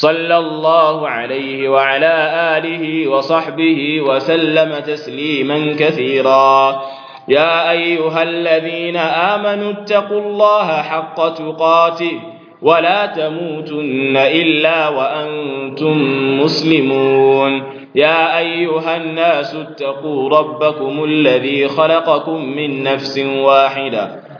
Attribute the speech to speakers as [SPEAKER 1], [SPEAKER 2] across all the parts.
[SPEAKER 1] صلى الله عليه وعلى آله وصحبه وسلم تسليما كثيرا يا أيها الذين آمنوا اتقوا الله حق تقاته ولا تموتن إلا وأنتم مسلمون يا أيها الناس اتقوا ربكم الذي خلقكم من نفس واحدة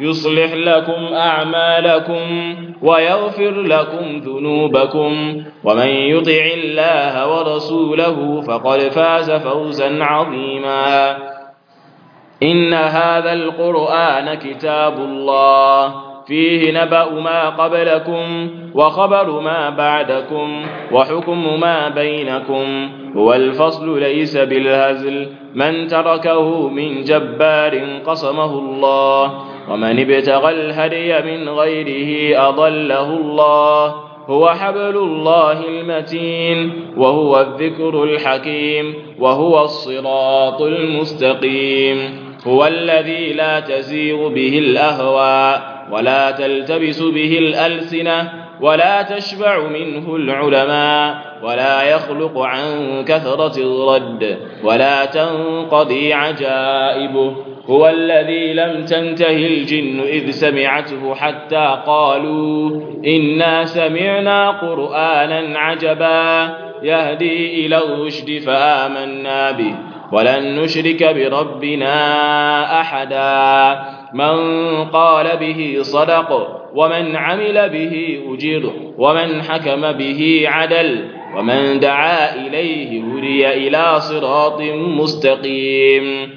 [SPEAKER 1] يصلح لكم أعمالكم ويغفر لكم ذنوبكم ومن يطع الله ورسوله فقد فاز فوزا عظيما إن هذا القرآن كتاب الله فيه نبأ ما قبلكم وخبر ما بعدكم وحكم ما بينكم هو الفصل ليس بالهزل من تركه من جبار قصمه الله ومن ابتغى الهدي من غيره أضله الله هو حبل الله المتين وهو الذكر الحكيم وهو الصراط المستقيم هو الذي لا تزيغ به الأهواء ولا تلتبس به الألسنة ولا تشبع منه العلماء ولا يخلق عن كثرة الرد ولا تنقضي عجائبه هو الذي لم تنته الجن إذ سمعته حتى قالوا إنا سمعنا قرآنا عجبا يهدي إلى الرشد فآمنا به ولن نشرك بربنا أحدا من قال به صدق ومن عمل به أجر ومن حكم به عدل ومن دعا إليه هدي إلى صراط مستقيم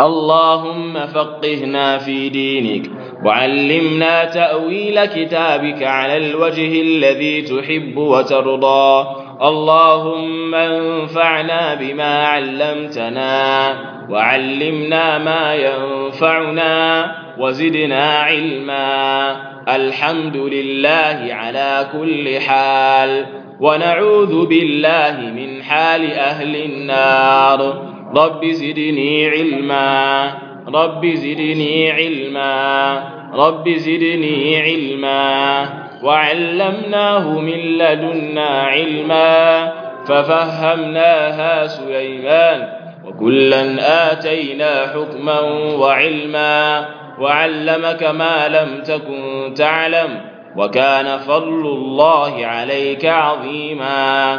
[SPEAKER 1] اللهم فقهنا في دينك وعلمنا تأويل كتابك على الوجه الذي تحب وترضى اللهم انفعنا بما علمتنا وعلمنا ما ينفعنا وزدنا علما الحمد لله على كل حال ونعوذ بالله من حال أهل النار رب زدني علما رب زدني علما رب زدني علما وعلمناه من لدنا علما ففهمناها سليمان وكلا آتينا حكما وعلما وعلمك ما لم تكن تعلم وكان فضل الله عليك عظيما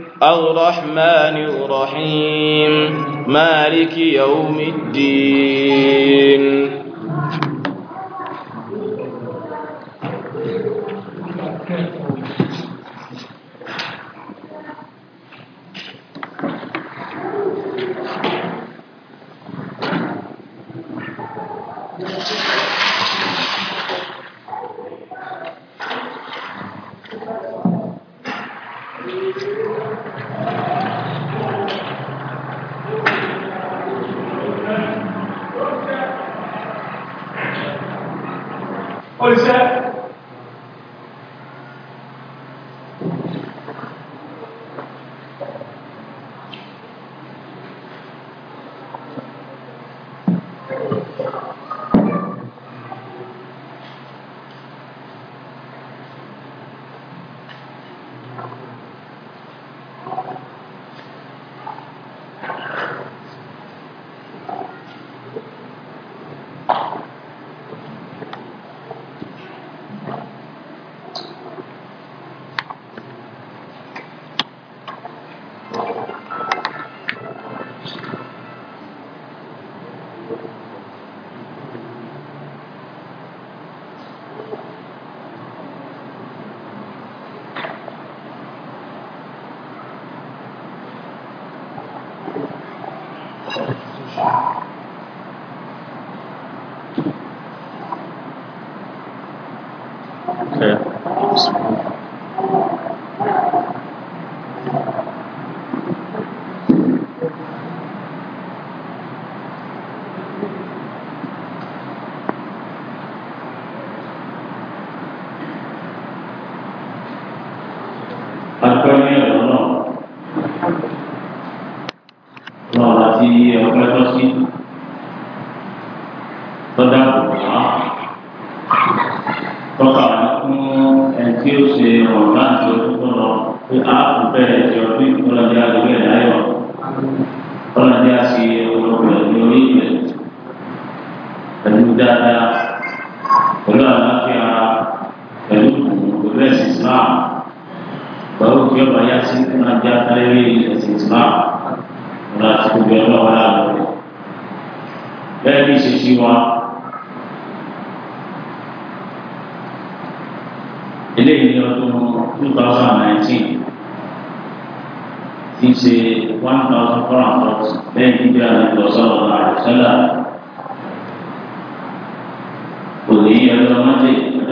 [SPEAKER 1] الرحمن الرحيم مالك يوم الدين pẹ̀lú dáadáa pẹ̀lú àlàáfíà ara pẹ̀lú pẹ̀lú ẹ̀sìn Islam pẹ̀lú kí ọba yá sí kí máa já kárí ẹ̀sìn Islam ọ̀la àti gbogbo ẹ̀rọ ọ̀la àlọ́ rẹ̀ bẹ́ẹ̀ bí ṣe ṣí wa. eléyìí ní ọdún two thousand ti ṣe one thousand gbígbé àlejò sọ̀rọ̀ àrùsọ́là.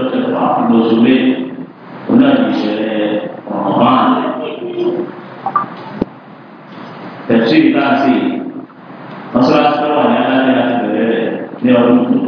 [SPEAKER 1] tó kẹfà fún oṣù méjì ó náà ní ìṣẹ̀lẹ̀ ọ̀rọ̀ máa ń tẹ̀sí ìdáàsì mọ́sálásí tó wà ní alájẹ láti bẹ̀rẹ̀ rẹ̀ ní ọdún two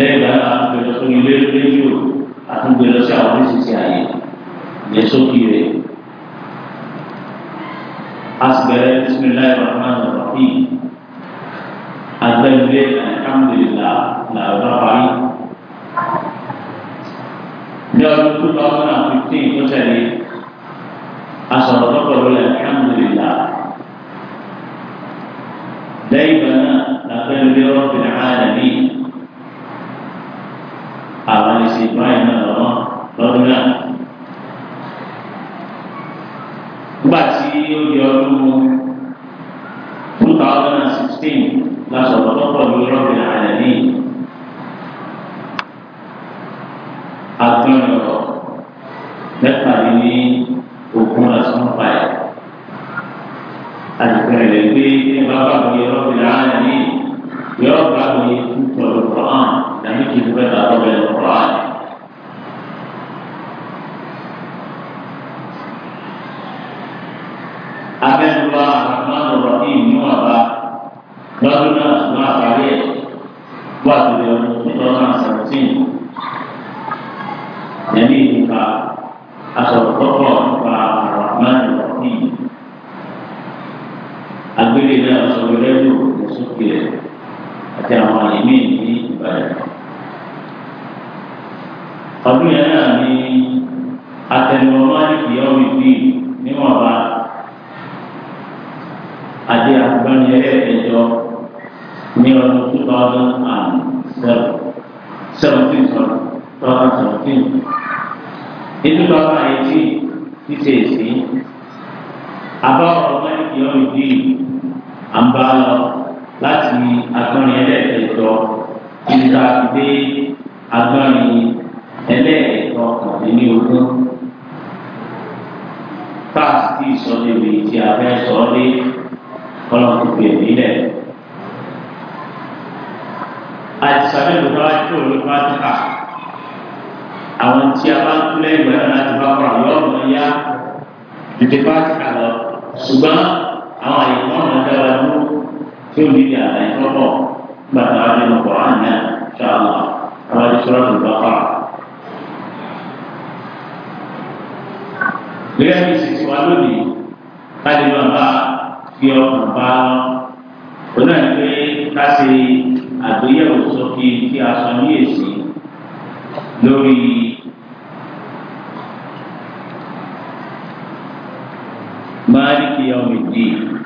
[SPEAKER 1] lẹ́yìn náà a tún gbẹdọ̀ sórí ilé rédíò a tún gbẹdọ̀ sí àwọn oríṣiríṣi àyè lè sókè rẹ̀. a sì bẹ̀rẹ̀ bisimilayi rahman rahim agbẹ́gbẹ́ alhamdulilah làwọn bá parí. àwọn tí a bá ń kú lẹ́yìn ìgbà náà láti bá kọ́ àwọn ọ̀nà ya tètè bá ti kà lọ ṣùgbọ́n àwọn àyè kan náà dára mú tí ò ní di àlàyé tọ́pọ̀ nígbà tó a lè mọ̀ pọ̀ àná ṣáàlà àwọn àti sọ́ra tó bá kọ́ gẹ́gẹ́ bí ìṣètò wa lónìí ká máa bá fi ọkàn bá ọ náà ní ká ṣe àgbéyẹ̀wò sókè kí a sọ ní èsì lórí Mari o Medir.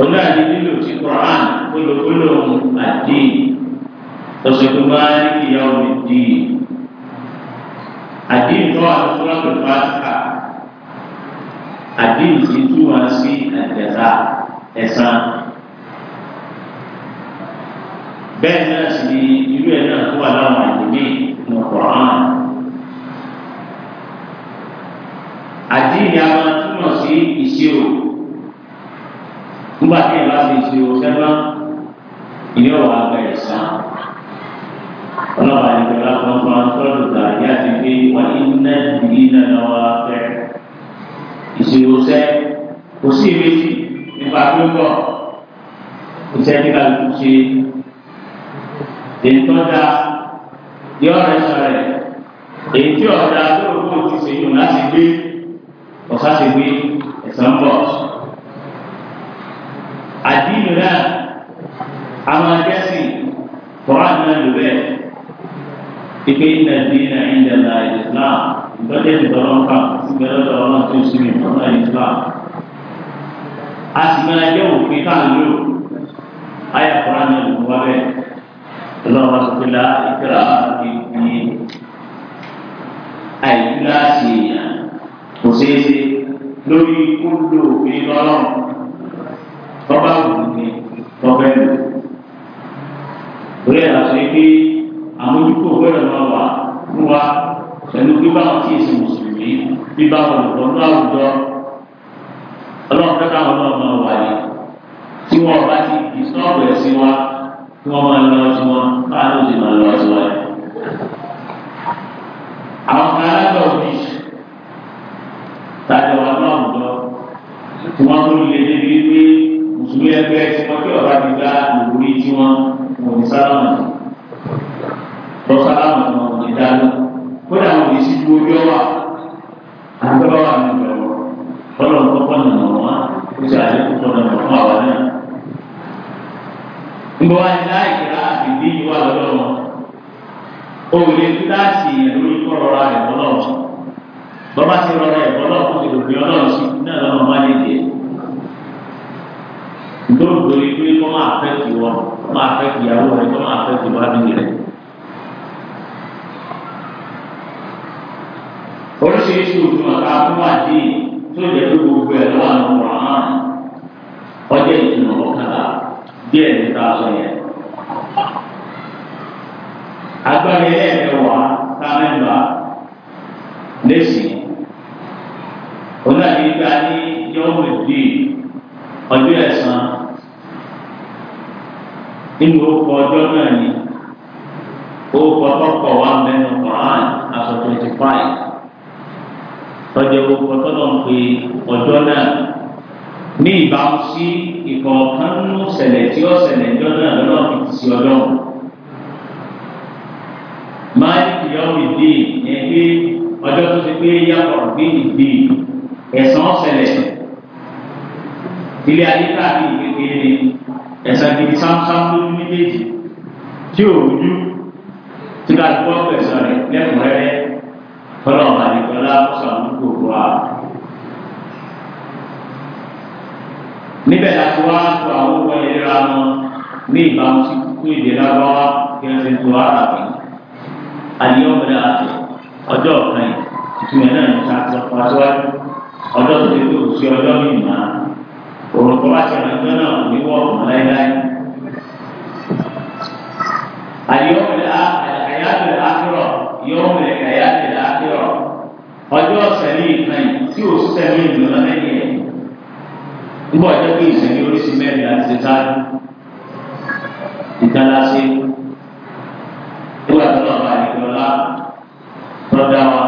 [SPEAKER 1] ọ̀nà àti lílo ti Quran gbólógbóló àdé tọ̀sọ̀tọ̀ bá níyà omi dì í àdé ìtọ́ àtúntò pàtàkà àdé ìtì tú wá sí àjẹsà ẹ̀sán bẹ́ẹ̀ náà sì ni irú ẹ̀ náà tó wà láwọn àdéhùn ní Quran. àdé ìyá máa túmọ̀ sí ìṣirò nígbà tí ìyá sì ṣe òṣèlú ìyá wà bẹ̀rẹ̀ sá ọlọ́pàá ìjọba kankan tọ́lù tàbí àti pé wọ́n ní iná ìdílé náà lọ́wọ́ abẹ́ ìṣirò sẹ́ kò sí ìrètí nípa tó ń bọ̀ kò sẹ́ nípa tó ṣe èyí tó da yọ ọ̀rẹ́ sọ̀rẹ́ èyí tí ọ̀dà tó rò kó ti ṣe yùn láti gbé ọ̀sá ti gbé ẹ̀sán bọ̀ àdínì náà àwọn akẹ́sìn kọ́ra náà lò bẹ́ẹ̀ ìpè iná dínà ìjàlá Islam ìtọ́jú ìtọ́jú ọ̀pá síbẹ̀ lọ́dọ̀ ọ̀nà tó sì mí ọ̀nà Islam a sì máa jẹ́ òfin tá a lò ayé kọ́ra náà lò wá bẹ́ẹ̀ lọ́wọ́ sọ́kìlá ìkìlá ìkìlá àìkúlá sí èèyàn kò ṣeé ṣe lórí kó òfin lọ́rùn tọ́ba àgùntàn ni tọ́ba ẹ̀lú. Orí ẹ̀rọ àṣẹ pé àmójúkò gbọ́dọ̀ máa wà fún wa pẹ̀lú bíbá wọn tí èsì mùsùlùmí bíbá wọn lọ́dọ̀ ní àwùjọ. Ọlọ́run kẹta wọn náà máa wà yìí. Tí wọ́n bá ti di sọ́ọ̀bù ẹ̀sìn wa tí wọ́n máa lọ sí wọn káàdó sì máa lọ sí wọn. Àwọn kan òbí tàbí àwọn àwùjọ tí wọ́n tó lè débi mùsùlùmí ẹgbẹ́ tí wọ́n kí ọ̀rá ti dá ìwúrí tí wọ́n wọ̀ ní sálámà lọ sálámà ní wọn ní dáná kódà wọn lè ṣíjú ojú ọwà àgbẹ̀wò àwọn ìgbà wọn kọ́nà kọ́kọ́ nà wọn wá ó sì àlẹ́ kọ́kọ́ nà wọn fún àwọn náà. ńgbọ́ wa ní láì kíra àbìdí yìí wà lọ́dọ̀ wọn o ò lè kíláàsì ìlú ikọ̀ rọra ẹ̀kọ́ náà bọ́bá ti rọra ẹ̀kọ́ náà kó ti lòdì ọlọ́run ló ń dorí pé kọ́ máa fẹ́ ti wọ́n kọ́ máa fẹ́ ti ìyàwó rẹ̀ kọ́ máa fẹ́ ti wádìí rẹ̀. oríṣiríṣi òfin ọ̀tá fún wájú tó yẹ kó gbogbo ẹ̀ lọ́wọ́ àwọn ọmọ àwọn ọjọ́ ìtumọ̀ ọ̀kadà díẹ̀ níta sọ yẹn. agbára ilé ẹ̀wà támẹ́mbà lẹ́sìn onáyíká ní yọ́ọ̀mù ìdí ọjọ́ ẹ̀sán nínú orúkọ ọjọ́ náà ni orúkọ tọkọ wa mẹ́nu Quran aṣọ twenty five tọ́jú orúkọ tọ́lọ̀ ń pe ọjọ́ náà ní ìbámu sí ìkọ̀ọ̀kan nínú ṣẹlẹ̀ tí ó ṣẹlẹ̀ ọjọ́ náà lọ́nà fi ti sí ọjọ́ máa ní ìyọ́wò ìdí yẹn pé ọjọ́ tó ti pé yàtọ̀ gbé ìdí ẹ̀sán ṣẹlẹ̀ ilé ayé tàbí ìgbégbé ẹ̀sà gidi sáńsáń lójú méjèèjì tí ò rújú tí ká gbọ́ pẹ̀sán rẹ̀ lẹ́kùnrẹ́rẹ́ fọlọ́ọ̀mà nìkọ́lá sàmúgbò fún wa. níbẹ̀ láti wá tó àwọn ọmọ ìlera wọn ní ìbámu sí kúkú ìlera wa kí wọ́n ti tó ara pè é àníyàn ọjọ́ ọ̀kan ìtumẹ̀ náà ní sáà tó wá ọjọ́ tó ti tó sí ọjọ́ mìíràn òun tó bá ṣẹlẹ̀ ọjọ́ náà ní wọ́n mọ̀ láíláí. àyọ̀wòlẹ̀ àyàtòlẹ̀ àkúrọ̀ yọ̀wòlẹ̀ àyàtòlẹ̀ àkúrọ̀ ọjọ́ ọ̀sẹ̀lẹ̀ ìkànnì tí ò sẹ́mi ìdùnnà lẹ́yìn ẹ̀. nígbà ọjọ́ pé ìsẹ̀lẹ̀ oríṣi mẹ́rin láti ṣe táàdù ìtàláṣe nígbà tó náà bá ìdọ̀lá tọ́dá wa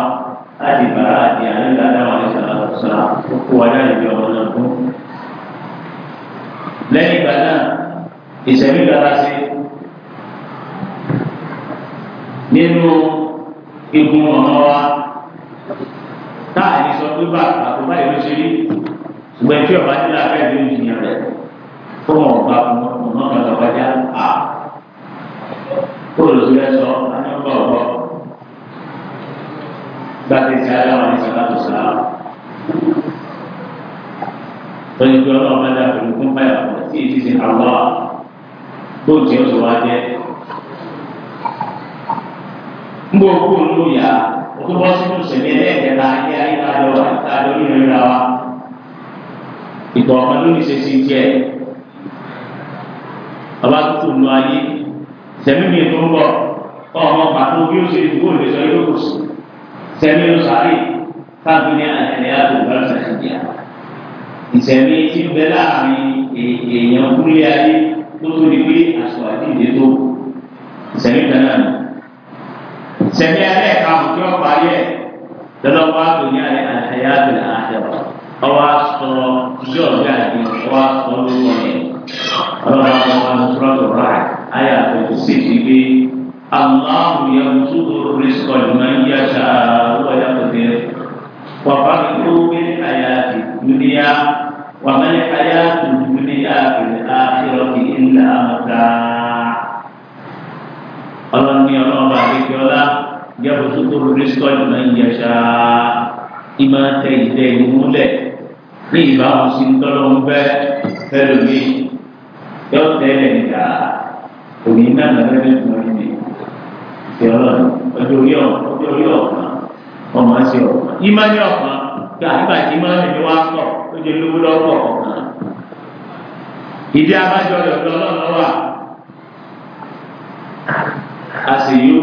[SPEAKER 1] láti bàrà àti àlẹ́ ìdádáwà ní sàlàkùsà ó kó wa dáre bí ọmọ náà fún lẹ́yìn ìgbà náà ìṣẹ̀mí dára sí nínú igun ọ̀nà wa táà ní sọ pé bá àkóbá ìlú ṣe rí ṣùgbọ́n tí ọba nílá fẹ́ ní ìjìyàn rẹ̀ fún ọba ọ̀nà ọ̀nà ọba já a kóòlù sí ẹ̀sọ́ anyọ́gbà ọ̀gbọ́ gbàtẹ́ sí adáwọ̀ ní sàlátù sàlá. Tọ́jú pé ọlọ́run bá dà pẹ̀lú fún báyọ̀ sí àwa tó tí ó sọ wá ń bọ̀ kó ń lò yá tó bọ́ sínú sẹ̀mí ẹlẹ́ẹ̀kẹta ayé ayélujára wa ìtajọ nínú ìlera wa ìtọ̀ ọ̀kan ló ní ṣe sí tiẹ̀ ọba tó tó ayé sẹ̀mí mi tó ń bọ̀ ọmọ pàtó bí ó ṣe dùgbò lè sọ yóò kù sí sẹ̀mí ló sáré káàbí ní àtẹ̀lẹ́ àtòkọ́ ṣàṣìyà ìsẹ̀mí ti bẹ láàrin. èèyàn kúlé ayé tó di pé aṣọ àdìyẹ tó sẹ́mi kanáà nù. sẹ́mi alẹ́ ká òjò ọ̀pá yẹ lọ́dọ̀ wá tó ní alẹ́ àyà àbẹ̀lẹ̀ àṣẹwà ọwọ́ aṣọ ìjọ ọ̀gá àti ọwọ́ aṣọ lórúkọ yẹn ọlọ́wọ́ àwọn aṣọ́rọ̀ rà ayé àtẹ̀kù sí ti gbé وما الحياة الدنيا في الآخرة إلا متاع ọlọ́ni ọlọ́ọ̀bà àdéjọ́lá yàgò tó tó rìsíkọ́ ìmọ̀ ìyàṣà ìmọ̀ tẹ ìdẹ́ ìmúlẹ̀ ní ìbámu sí ńtọ́lọ́ńbẹ́ fẹ́lómi yọ tẹ́lẹ̀ nígbà òní náà lọ́dẹ́ ní ìmọ̀ ìmọ̀ ìfẹ́ ọlọ́ni ọjọ́ orí ọ̀kan ọjọ́ orí ọ̀kan ọmọ ẹ̀sìn ọ̀kan ìmọ̀ ní ọ̀kan gbà nígbà tí ìmọ̀ ó ti lówó lọ́pọ̀ ọ̀kan. ìdí abájọ rẹ̀ ọ̀dọ́ ọlọ́run wà a sì yó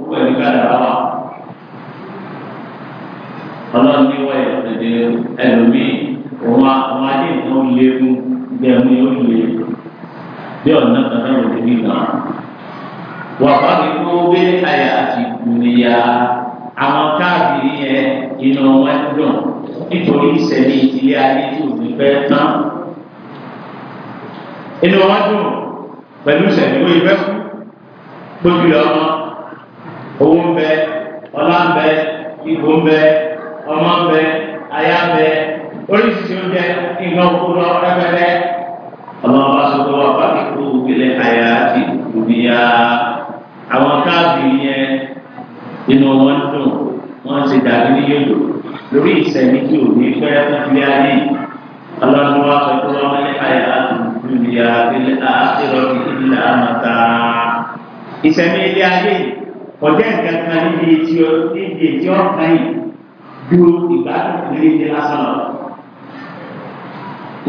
[SPEAKER 1] ó pẹ̀lú kádàrá wà. ọlọ́run ní wọ́n yẹ ọ̀dẹ̀dẹ̀ ẹlòmíì òun adé nǹkan lé fún gbẹ̀mú yóò lé bí ọ̀nà kan náà lòdì nígbà wàhálà ìgbó gbé àyà àti ìgbòmìyà àwọn káàkiri yẹn inú wọn dùn nítorí ìṣẹ̀lẹ̀ ìdílé ayé tí ò ní fẹ́ tán. inú wọn dùn pẹ̀lú ìṣẹ̀lẹ̀ ìwé ìfẹ́ kú gbójú lọ ọmọ owó ń bẹ ọlá ń bẹ ìbò ń bẹ ọmọ ń bẹ aya ń bẹ oríṣiríṣi oúnjẹ ìgbà òkú lọ rẹpẹtẹ ọmọ ọba sọgbọ wa pàtó kó gbélé aya ti dùnìyà àwọn káàbì yẹn inú wọn dùn wọn ti dàbí ní yóò dùn lórí ìsẹ̀mí tí ò ní pẹ́ ilé ayé ọlọ́run wá sọ pé wọ́n ní àyà àtúntúndìyà ilé àṣírọ́ ilé àmàta. ìsẹ̀mí ilé ayé ọjọ́ nǹkan kan níbi etí ọ níbi etí ọ̀kan yìí dúró ìgbádùn ìrírí ti lásán lọ.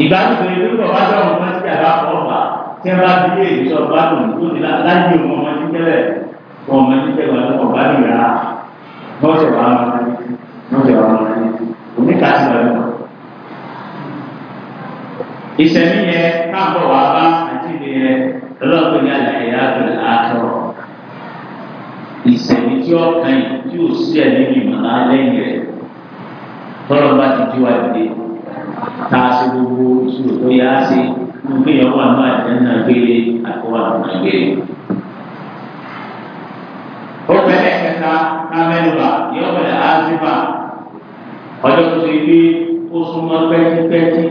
[SPEAKER 1] ìgbádùn ìrírí tó bọ̀ bá dọ̀rùn fún ẹsẹ̀ àbá ọ̀bà tí wọ́n bá fi lé èyí sọ gbádùn tó ti láyé ọmọ ọmọdé tẹ́lẹ̀ ọmọdé tẹ́lẹ̀ ọmọdé rà wọ́n jẹ ọ̀rọ̀ náà oníkà sí ọ̀rọ̀ náà. ìṣẹ̀mí yẹn káàbọ̀ wà bá àti ìdè yẹn ọlọ́pàá ní àlàyé àbẹ̀rẹ̀ àtọ̀rọ̀ ìṣẹ̀mí tí ó kàn yìí tí ó sí ẹ̀mí ìmọ̀ lẹ́yìn rẹ̀ tọ́lọ́ bá ti jí wa dìde tá a ṣe gbogbo ìṣòro tó yá ṣe gbogbo ìyàwó àmọ́ àjẹ́ náà gbére àkọ́wà náà gbére ó bẹ̀rẹ̀ kẹta kámẹ́rùbà yóò bẹ̀rẹ̀ áṣífà ọjọ́ tó ti gbé ó súnmọ́ pẹ́kípẹ́kí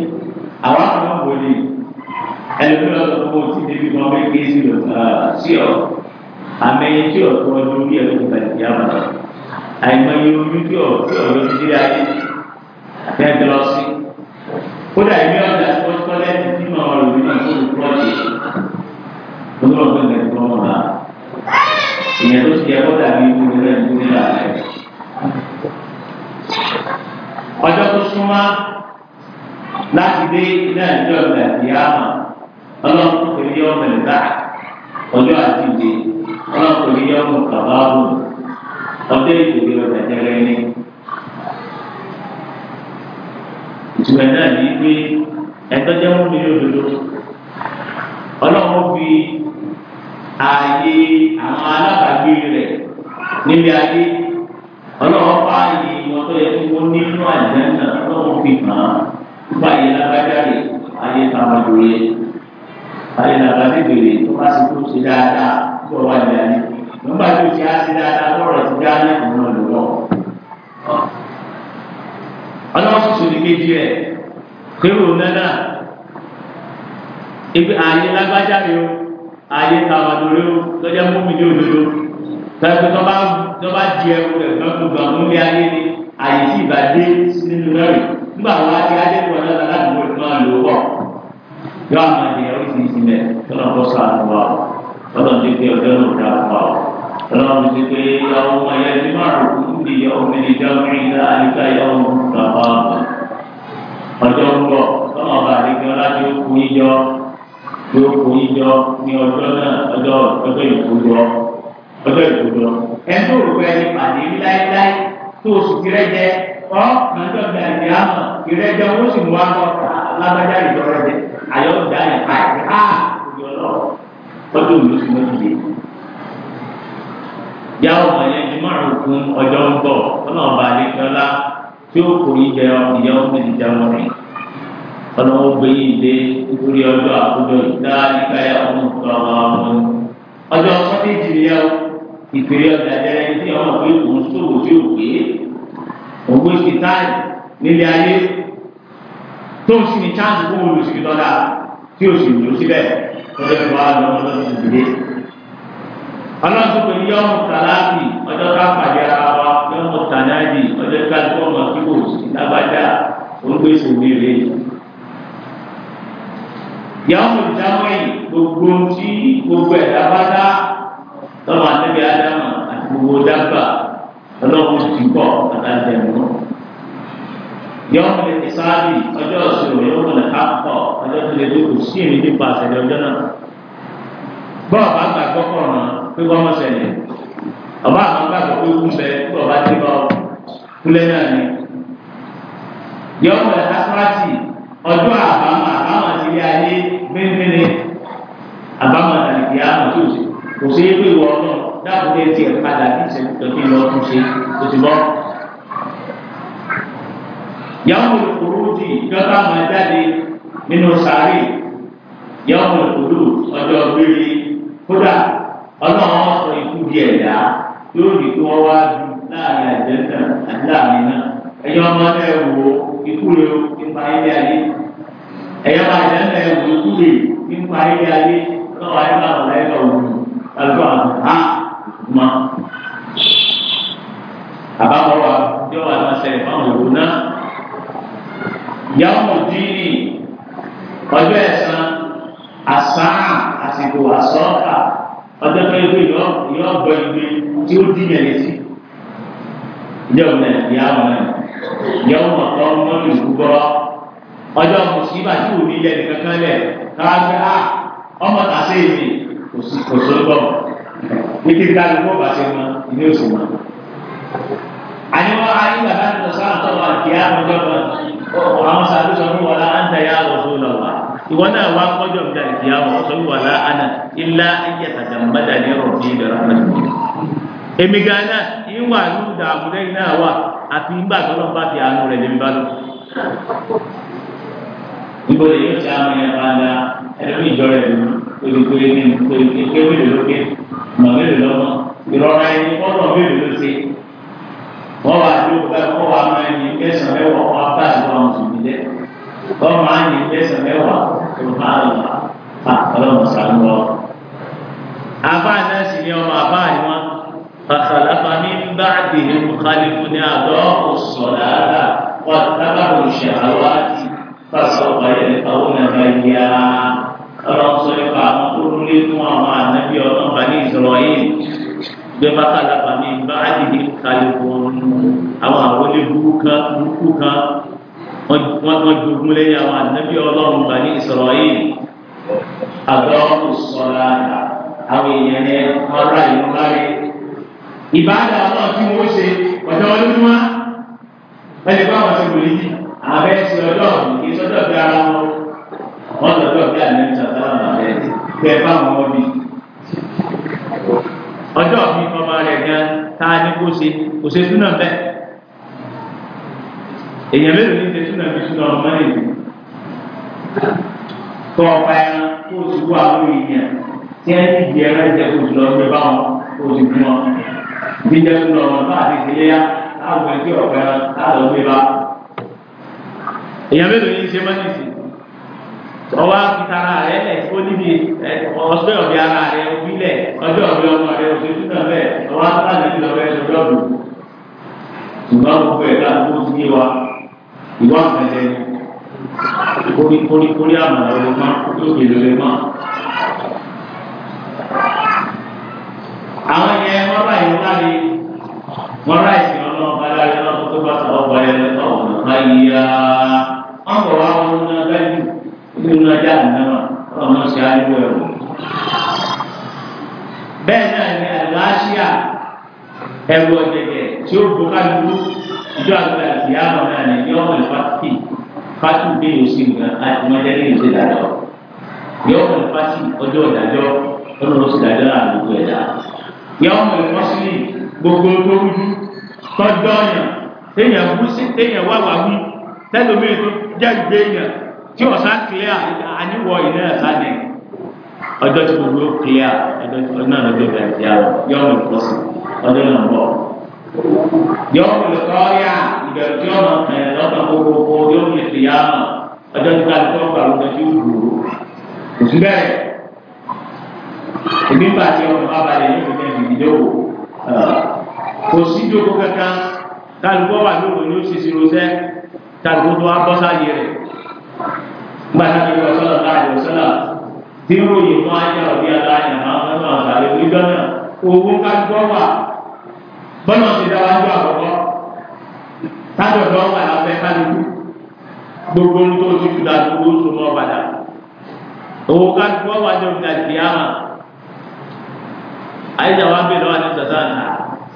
[SPEAKER 1] àwọn àwọn ọmọ wòlé ẹlòmíràn tó kọ́ ti débi kan bẹ́ẹ̀ kí sí sí ọ àmẹ́yẹ tí ọ̀ tó ọdún bí ẹ̀kọ́ ìgbàlejò àbàtà àìmọye ojú tí ọ̀ tí ọ̀ ló ti dé ayé àti ẹ̀dọ́ lọ sí kódà ìwé ọ̀dà tó tọ́lẹ́tì nínú ọ̀rọ̀ ìwé náà tó lù pọ́ọ̀tì ọdún ọ̀gbẹ́ni ẹ̀kọ́ ọ̀la ìyẹn tó ti ẹ̀kọ́ dàbí ìwúrí rẹ̀ ní ìlà rẹ̀. ọjọ́ tó súnmọ́ láti dé iná ìjọ ìgbà tí a mọ̀ ọlọ́run tó fi yọ ọmọ ìgbà ọjọ́ àti ìdè ọlọ́run tó fi yọ ọmọ kàbáàbò ọjọ́ ìdòwé ọjà jẹrẹ ní. ìtura náà ní pé ẹgbẹ́ jẹ́ mi ní òdodo ọlọ́run fi ààyè àwọn alábàágbé rẹ̀ níbi ayé ọlọ́wọ́ bá ààyè wọn tó yẹ kó nínú àjẹ́nà ọlọ́wọ́ fi hàn án nípa ayé lágbájáre ayé tàbádúré ayé làbájáde bèrè tó bá ti kó ṣe dáadáa tó wà ní ayé nígbà tó ṣe á ṣe dáadáa lọ́rọ̀ ti dá ní àwọn olùwọ́ ọlọ́wọ́ sì sùn ní kejì ẹ̀ kérò nánà ebi ààyè lágbájáre o ayé táwa lórí ó lọ́jà fún mi ní òdodo tẹ́sí tó bá tó bá di ẹrù rẹ̀ lọ́dún mú lé ayé ni àyè tí ìbá dé nínú lọ́rì nígbà wo adé adé tó wà lọ́la ládùúgbò tó máa lò wọ̀ yọ àwọn àdìyẹ oríṣiríṣi mẹ́ tọ́lá ń bọ́ sọ àtúwà ọ̀ tọ́lá ń dẹ́gbẹ́ ọjọ́ náà dá àtúwà ọ̀ tọ́lá ń dẹ́gbẹ́ ìyàwó ayé ẹni márùn-ún ní ìyàwó mi ní jáwé ní àyíká ìyàwó ọjọ́ ń bọ̀ tọ́lá ọba àdìgbẹ́ tí ó kó yíjọ ní ọjọ́ náà ọjọ́ ọjọ́ ìkójọ ọjọ́ ìkójọ. ẹnu òkú ẹni pàdé láéláé tó o sì tirẹ̀ jẹ ọ nàjọ bí àgbẹ̀ àmọ̀ ìrẹ́jẹ owó sì mú àmọ̀ alágbájá ìjọ rẹ̀ jẹ àyọ̀ ọ̀dà ẹ̀ pa ẹ̀ á òbí ọlọ́ọ̀ ọjọ́ òní oṣù méjìlé. yá ọmọ yẹn ní márùn kún ọjọ́ ń bọ̀ ọlọ́ọ̀bà àdékọ́lá tí ó kó yíjọ ìyá ọmọ ìdíjà wọn rìn ọlọ́wọ́ gbé yìí dé nítorí ọjọ́ àkójọ ìdáríkáyà ọmọ nǹkan ọmọ ọmọ ọjọ́ sọ́dí ìjìnlẹ̀ ọ ìpèrè ọjà jẹrẹ ní ọmọ pé òun sòwò tí ò pé òun gbé sítáì nílé ayé tó ń sinmi chance fún olùsìn lọ́dà tí ò sì lò síbẹ̀ lọ́dọ̀ ìwà lọ́wọ́ lọ́dọ̀ ìjìnlẹ̀ ọlọ́run tó pè ní yọ́mù tàlábì ọjọ́ ká pàdé ara wa yọ́mù tàlábì ọjọ́ ká tó ọmọ kíkò yàwó mi dáwọ́ yìí gbogbo ti gbogbo ẹ̀dá bá dá lọ́wọ́ àtẹ́bí ádámà àti gbogbo dábà ọlọ́run ti bọ̀ àtàlẹ́nu. yàwó mi lè sáábì ọjọ́ ìṣòro yàwó mi lè kápọ̀ ọjọ́ tó lè dókò sí èmi nípa àṣẹlẹ̀ ọjọ́ náà. bọ́ọ̀ bá gbàgbọ́ pọ̀ náà pé wọ́n mọ̀ sẹ́lẹ̀ ọba àwọn gbàgbọ́ pé kú bẹ kúrò ti bọ̀ kúlẹ̀ náà ni. yàwó lè ọjọ́ fínfínni àbámọ̀ àdìgbì àmọ̀ tí o sì kò sí pé ìwọ ọ̀nà dáàbò dé tiẹ̀ padà ní ìṣẹ̀lẹ̀ tọ́jú lọ tún ṣe o ti bọ́. yàwó ìkòròjì ìjọba àwọn jáde nínú sàárè yàwó ìkòrò ọjọ́ gbére kódà ọlọ́run ọ̀sọ̀ ikú di ẹ̀dá yóò di kí wọ́n wá ju láàrin àjẹ́ńtà àti láàrin náà ẹ̀yọ́ ọmọdé wò ikú rẹ̀ nípa ilé ayé ẹ̀yà bá ẹ̀ wò kúrè nípa ilé ayé lọ́wọ́ ayé bá wọ̀lá ẹ̀yà òun àgọ́ àgbà mọ́. àbáwọ̀ wa yóò wà lọ́sẹ̀ fáwọn òun náà. yàwó dìrì ọjọ́ ẹ̀san àsáà àsìkò àsọ́ọ̀kà ọjọ́ pẹ́ẹ́pẹ́ yọ ọgbọ ìgbé tí ó dín yẹn létí. ìjọba náà yàwó náà yàwó mọ̀tọ́ mọ́lù ìgbọ́ ọjọ́ mùsùlùmí àti òní ilẹ̀ nìkankan lẹ̀ káàkiri à ah, ọmọ tàṣẹ èmi kò sọ́gbọ́ pété káàkiri bọ́ bàṣẹ mọ ilé òsì mọ. àyẹ̀wò ayé bàbá mi lọ sáà tọ́wọ́ àti àmọ́jọ́ mọ àwọn sàdúsọ ní wọlá àǹtà yà wọ̀ tó lọ wá ìwọ náà wá kọjọ mi dàrí kìá wọ sọ wọlá àná ilá ayé tàdàmbádà ní rọ̀bì ìdàrà èmi gan náà ìwà ìlú dààmú lẹ́yìn náà wà àti ìgbà tó lọ́ọ́ bá ti àánú rẹ̀ lè bá lọ níbo lè yóò ṣe àwọn yẹn padà ẹlẹ́mí ìjọ rẹ̀ lórí péré ní péré ní kéwé lè lókè mọ̀ mélòó lọ́mọ ìrọ̀rọ̀ ẹni fọ́nà mélòó ló ṣe wọ́n wá dúró pẹ́ wọ́n wá máa yin kẹsàn-án mẹ́wàá wọ́n á bá àgbà wọn sùn nílẹ̀ wọ́n máa yin kẹsàn-án mẹ́wàá tó máa lọ fà ọlọ́run sàánú lọ. àbá náà sì ni ọmọ àbá ni wọn fàṣàlàfà ní bá àdéhùn kálífù ní àdó ọ̀sọ̀lá wà tábàrò ṣàwátì فسوف يلقون غيا ọlọ́run sọ nípa àwọn tó rúlé fún àwọn ànábì ọlọ́run bá ní ìsọ̀rọ̀yìn gbé bákàlà bàmí bá àdìdì kálífù àwọn àwọlé burúkú kan wọ́n jogún lẹ́yìn àwọn ànábì ọlọ́run bá ní ìsọ̀rọ̀yìn àgbọ̀ ìsọ̀ra àwọn èèyàn ní ọ̀rá ìlú láre. ìbáàdà ọlọ́run tí wọ́n ṣe ọ̀dọ́ ọdún wá ẹni bá wọn ṣe kò lè àwọn bẹ́ẹ̀ sí ọjọ́ ìgbé sọ́jọ́ bí ara wọn wọ́n lọ́jọ́ bí àlẹ́ ìṣàtàlà àbẹ́ bẹ́ẹ̀ bá wọn wọ́n bí. ọjọ́ mi ọmọ rẹ̀ gan ta ni kó ṣe kò ṣe súnà bẹ́ẹ̀. èèyàn mélòó ní ṣe súnà bí súnà ọmọ rẹ̀ yìí. tọ́ ọ̀pá ẹran kó o sì wú àwọn èèyàn tí ẹ ní ìdí ẹran jẹ kó o lọ gbé bá wọn kó o sì bí jẹ́ súnà ọmọ náà àti ìṣẹ̀lẹ̀ yá láwọn ẹgbẹ́ ọ̀pá ẹran láàlọ́ gbé bá wọn èèyàn mélòó yìí ń ṣe mọ́tì sí ọwọ́ akitara rẹ lẹ̀ ó níbi ọgbẹ́ ọ̀bí ara rẹ wílẹ̀ ọjọ́ ọ̀bí ọmọ rẹ òṣèlú náà bẹ́ẹ̀ ọwọ́ akitara rẹ lọ́wọ́ ẹ̀ lọ́jọ́
[SPEAKER 2] gbogbo ẹ̀ láti kó
[SPEAKER 1] sí wa ìwà àtẹ̀lẹ́ kórí kórí kórí àmàlà ọ̀rọ̀ máa yóò àwọn ẹ̀yẹ wọn báyìí wọn láti wọn ráìsì ọlọ́run bá dáa yọ lọ́dún tó bá sọ ọgbà yẹn lọ́tọ̀ ọ̀nà báyìí wọn bọ̀ wá wọn náà dájú ní wọn ajá àdámà ọlọ́run ṣe ariwo ẹ̀rọ. bẹ́ẹ̀ náà ni àlàáṣíà ẹ̀rù ọ̀jẹ̀jẹ̀ tí ó bu kálukú ìjọ àgbà àti àmọ̀ náà ni yọ ọmọ ìfàtì fàtì dé òsì nǹkan àti mọ́jẹ́ ní ìṣe dájọ́ yọ ọmọ ìfàtì ọjọ́ ìdájọ́ gbogbo tó rújú tọ́jọ́ yàn téèyàn bú sí téèyàn wà wà wí tẹ́lómi tó jẹ́ ìgbéyàn tí ọ̀sá clear àníwọ̀ ilé ẹ̀sá ni ọjọ́ tí gbogbo clear ọjọ́ náà lọ́jọ́ ìbẹ̀rẹ̀ ti àrọ̀ yọ̀ọ̀nù ìkọ́sí ọjọ́ náà bọ̀ yọ̀ọ̀nù ìkọ́yà ìbẹ̀rẹ̀ tí ọ̀nà ẹ̀ lọ́nà gbogbo yọ̀ọ̀nù ìfìyàmọ̀ ọjọ́ tí kálukọ́ gbà lọ́jọ́ tí ó gbòòrò òsì bẹ́ẹ̀ ìgbìmọ̀ àti ọ̀nà bàbá rẹ̀ yóò fi kò sí jókòó kankan kálukọ́ wà lóòrò ní oṣìṣì rosẹ́ kálukọ́ tó wá bọ́ sáyé rẹ̀ gbàdá ní ọ̀sọ́lá láàyè ọ̀sọ́lá tí ó yẹ fún ajá òbí aláàyè àwọn ọmọ àgbàlẹ̀ onígbà náà owó kálukọ́ wà bọ́nà ti dá wájú àkọ́kọ́ tájọ̀dọ́ wà lábẹ́ kálukú gbogbo ní tó ti dùdà gbogbo tó mọ́ padà owó kálukọ́ wà jọ dùdà ìdí àmà àyíjà wá bẹ̀rẹ̀ wà ní sàtánà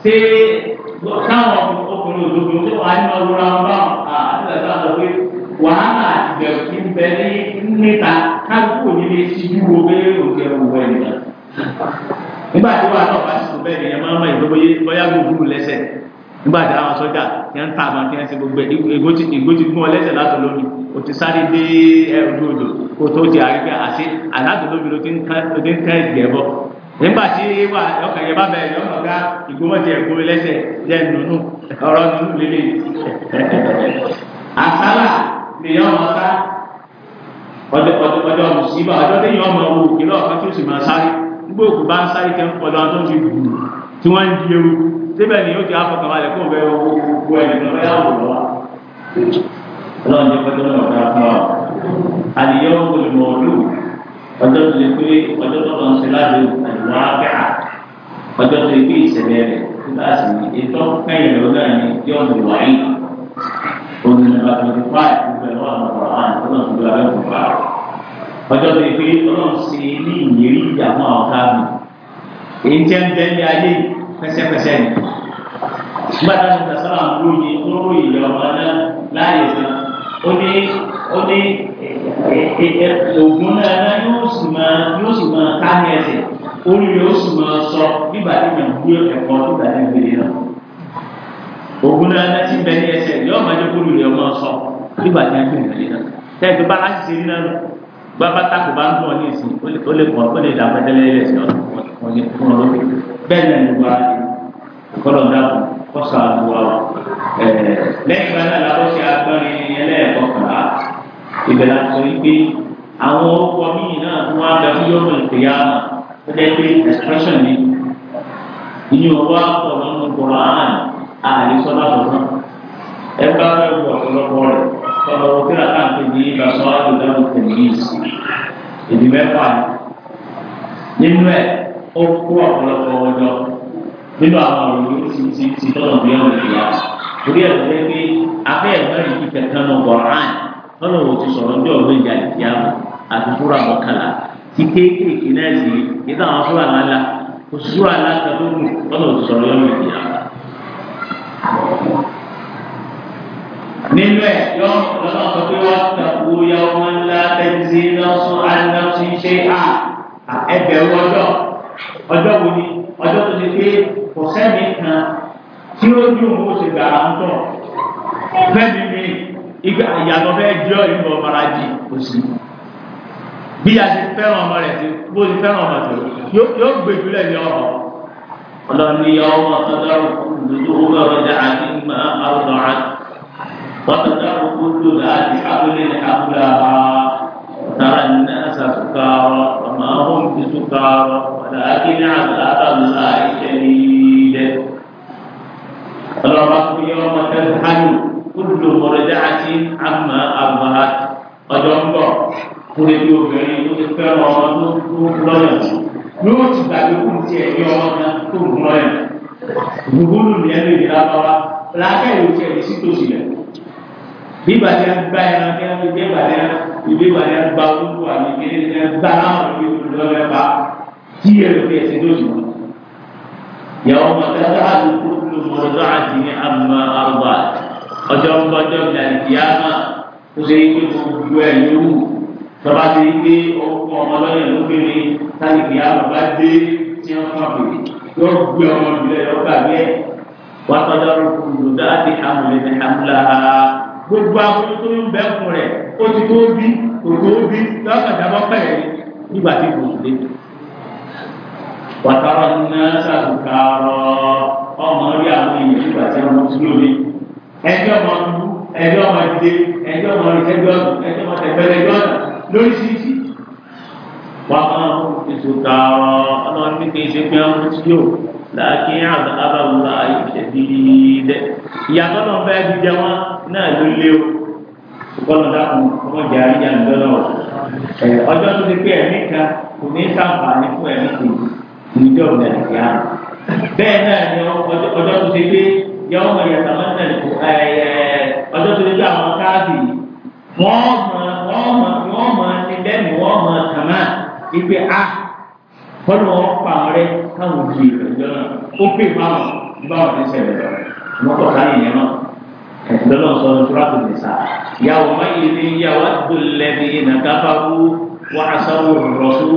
[SPEAKER 1] ṣé táwọn ọkùnrin òdòdó tó wà nínú ọlọ́ra wọn bá wọn àti ẹ̀ka sọ pé wàhálà ìbẹ̀rù ti ń bẹ ní níta kájú ònílé síjú wo pé òkè òwò ẹ̀ nìkan. nígbà tí wàhálà ọ̀pá sì tún bẹ́ẹ̀ ni ẹ máa ń mọ ìdókòwò yé bóyá gbogbo lẹ́sẹ̀ nígbà tí àwọn sọ́jà ti ń ta àmọ́ ti ń ṣe gbogbo ẹ̀ ìgò ti gún ọ lẹ́sẹ̀ látọ̀ lónìí o ti sáré dé ẹ̀rù odò o tó ti àríkẹ́ àti àlátọ̀ lóbi ló ti ń ká ẹ̀jẹ̀ nígbà tí wà ọkàn yẹn bá bẹ̀rẹ̀ yọ ọ̀gá ìgbọ́mọ̀jẹ̀ ìgbómi lẹ́sẹ̀ jẹ́ nùnú ọ̀rọ̀ nùnú lélẹ̀ àsálà lèyàn ọmọ ọ̀tá ọjọ́ ọjọ́ mùsíbà ọjọ́ téèyàn ọmọ owó òkè lọ́ọ̀kan tí ó sì máa sáré nígbà òkú bá ń sáré kẹ́ ń pọ̀dọ̀ àwọn tó ń fi bù tí wọ́n ń di ewu síbẹ̀ ni ó ti afọkàn balẹ̀ fún ọ̀bẹ owó gbogbo ẹ̀ nínú ọ̀rẹ́ àwòrán ọlọ́run jẹ́ pẹ́ tó náà ọjọ́ tó lè pé ọjọ́ tó lọ sí láàrin ìwà abẹ́à ọjọ́ tó lè pé ìṣẹ̀lẹ̀ rẹ̀ kíláàsì ní ètò kẹ́yìn ló náà ní yóò lè wáyé òun ní bàtà ní fáì gbogbo ẹ̀rọ àwọn ọ̀rọ̀ àwọn tó náà gbogbo abẹ́ kò bá ọjọ́ tó lè pé ọlọ́run sí ní ìyèrí ìyàmú àwọn káàmù èyí jẹ́ ń bẹ́ ní ayé pẹ́sẹ́pẹ́sẹ́ ni gbàdá ní tàṣà àwọn olóyè olóyè ìyá ọmọ náà láàyè náà ó ní ó ní ògùn náà yóò sì máa yóò sì máa ká ní ẹsẹ̀ orí yóò sì máa sọ nígbà tí yàn gbé ẹ̀kọ́ nígbà tí gbèrè náà ògùn náà ti bẹ ní ẹsẹ̀ yóò máa jẹ́ kórìí rẹ̀ máa sọ nígbà tí yàn gbé gbèrè náà tẹ́ẹ̀tì bá láti ṣe rí náà lọ gba bàtà kò bá ń bọ̀ ní ìsìn ó lè kọ́ ó lè dà pẹ́tẹ́lẹ́ ẹ̀sìn ọ̀sìn fún ọ lókè bẹ́ẹ̀ náà ló bá kọ́lọ̀ dáàbò kọ́sà àbúrò lẹ́yìn ìgbà ìbẹ̀rẹ̀ àti sọ wípé àwọn ọkọ̀ míì náà fún wa gba bí yọ̀mọ̀ ìpèyà ó jẹ́ pé expression ni ìní ọwọ́ àtọ̀nà ń kọ̀ọ̀ àrùn àlè sọ́dọ̀ àtọ̀nà ẹ bá rẹ̀ wù ọ̀pọ̀lọpọ̀ rẹ̀ tọ̀dọ̀ òkèrè àtàǹtẹ̀ ní ìbàṣọ àdùdáwò tẹ̀lẹ́yìísì ìdí mẹ́fà nínú ẹ̀ ó kó ọ̀pọ̀lọpọ̀ ọjọ́ nínú àwọn òyìnbó ti ti ti tọ̀nà bí ọ̀rẹ́ ìyá torí ẹ̀ lọ́wọ́ pé abẹ́ ẹ̀ ọlọ́run ti sọ̀rọ̀ ní ọ̀rọ̀ ìjà ìjà mọ̀ àti fúra mọ̀kànlá ti kéékèèké náà sí nígbà àwọn fúra ńlá kò súra ńlá kan tó kù ọlọ́run ti sọ̀rọ̀ lọ́rùn ìjà. nínú ẹ̀ yọ lọ́nà sọ pé wọ́n tẹ̀kú ya ọmọ ńlá tẹ̀sí lọ́sùn àìlọ́sí ṣe à ẹgbẹ̀rún ọjọ́ ọjọ́ wo ni ọjọ́ tó ti pé kò sẹ́mi kan tí ó dùn ó ṣe gbàrà ń tọ̀ fẹ́mi mi ìgbà ìyàtọ̀ fẹ́ jọ ìbọn farajì kò sí bí a ti fẹ́ràn ọmọ rẹ̀ tí bó ti fẹ́ràn ọmọ tó yóò gbé jùlẹ̀ ní ọmọ ọlọ́ni ọmọ tọ́lọ́rù lójú owó ọjà àti mọ́ àrùn ọ̀rá wọ́tọ̀lọ́rù kó tó láti abúlé ní abúlé ara tara ní ẹ̀sà sùkárọ̀ ọmọ ọ̀hún ti sùkárọ̀ ọ̀làkí ní àgbàlá ńlá ìṣẹ̀lẹ̀ ọlọ́ba fún ọmọ tẹ́lẹ̀ hánú kúlù mọ̀rẹ́dá àti àmà àmà ọjọ́ ń bọ̀ kúrẹ́ bí obìnrin tó ti fẹ́ràn ọmọ tó kú lọ́yàn yóò ti gbàgbé kú ti ẹ̀yìn ọmọ náà tó kú lọ́yàn gbogbo ní ẹni ìlera bàbá làákẹ́ ìwò tiẹ̀ ní sí tòsí rẹ̀ bí ìbàdí ẹ̀ gbá ẹran kí ẹran ìgbé ìbàdí ẹ̀ ìgbé ìbàdí ẹ̀ gba olúkú àmì kí ẹ̀ ń gbá láwọn ìwé olùdókòwò ẹ̀ bá tí ẹ̀ lò fi ẹ̀sìn ọjọ́ ń bọ́jọ́ ìdàgbìyàmà kó ṣe ike gbogbo ẹ̀ yóò tọ́ba ṣe ike ọkọ ọmọ lọ́yẹ̀ lóbìnrin sálìkìyàmà bá dé tí wọ́n fà pè yóò gbé ọmọ ìbílẹ̀ yóò gbàgbé wọ́n tọ́jọ́ rúkúrú dáàbì hàmùlẹ̀ ní hàmùlà gbogbo akókò tó ń bẹ́ fún rẹ̀ ó ti tó bí òkú bí lọ́kàdá bọ́ nígbà tí kò dé. wàtàrọ̀ ní sàkùkà ọ̀rọ̀ ọmọ orí àwọn èèyàn nígbà tí wọ́n ti lóore ẹjọ́ ọmọ dúdú ẹjọ́ ọmọ ìdílé ẹjọ́ ọmọ ìtẹ́jọ́ ẹjọ́ ọmọ tẹ̀gbẹ́lẹ́ ẹjọ́ ọ̀nà
[SPEAKER 2] lóríṣiríṣi.
[SPEAKER 1] wàá máa ń ètò ta ọlọ́run ní kí n ṣe pé ọmọ tí yóò láàkí àbáwọlá ìṣẹ̀dídẹ́. ìyàtọ̀ náà fẹ́ di jẹ wọn náà ló lé o bọ́lá dákun ọmọ ìjà àríyá nìjọ́nà ọjọ́ tó ti pé ẹ̀mí kan kò ní sàǹfààní fún ẹ̀mí kejì níjọ́ ìdàgbé àná bẹ́ẹ̀ náà ni ọjọ́ tó ti pé yọọ mọ yàtọ̀ wọn tẹ́lẹ̀ kó ẹ ọjọ́ tó lé àwọn káàdì wọn mọ wọn mọ wọn mọ ní bẹ́ẹ̀ni wọn mọ kàmá ipe a ah, bọ́lá wọn pa àwọn rẹ káwọn òbí ìrẹ̀jọ náà ó pè fáwọn bá wọn ní sẹ́yìn lọ wọn kọ̀ ká nìyẹn náà ẹ̀sìn lọ́wọ́ sọ ní tó lè sá yàwó máyì ní yàwó tó lẹ́ni ìnàkàfàwù wàásù rọ̀ṣù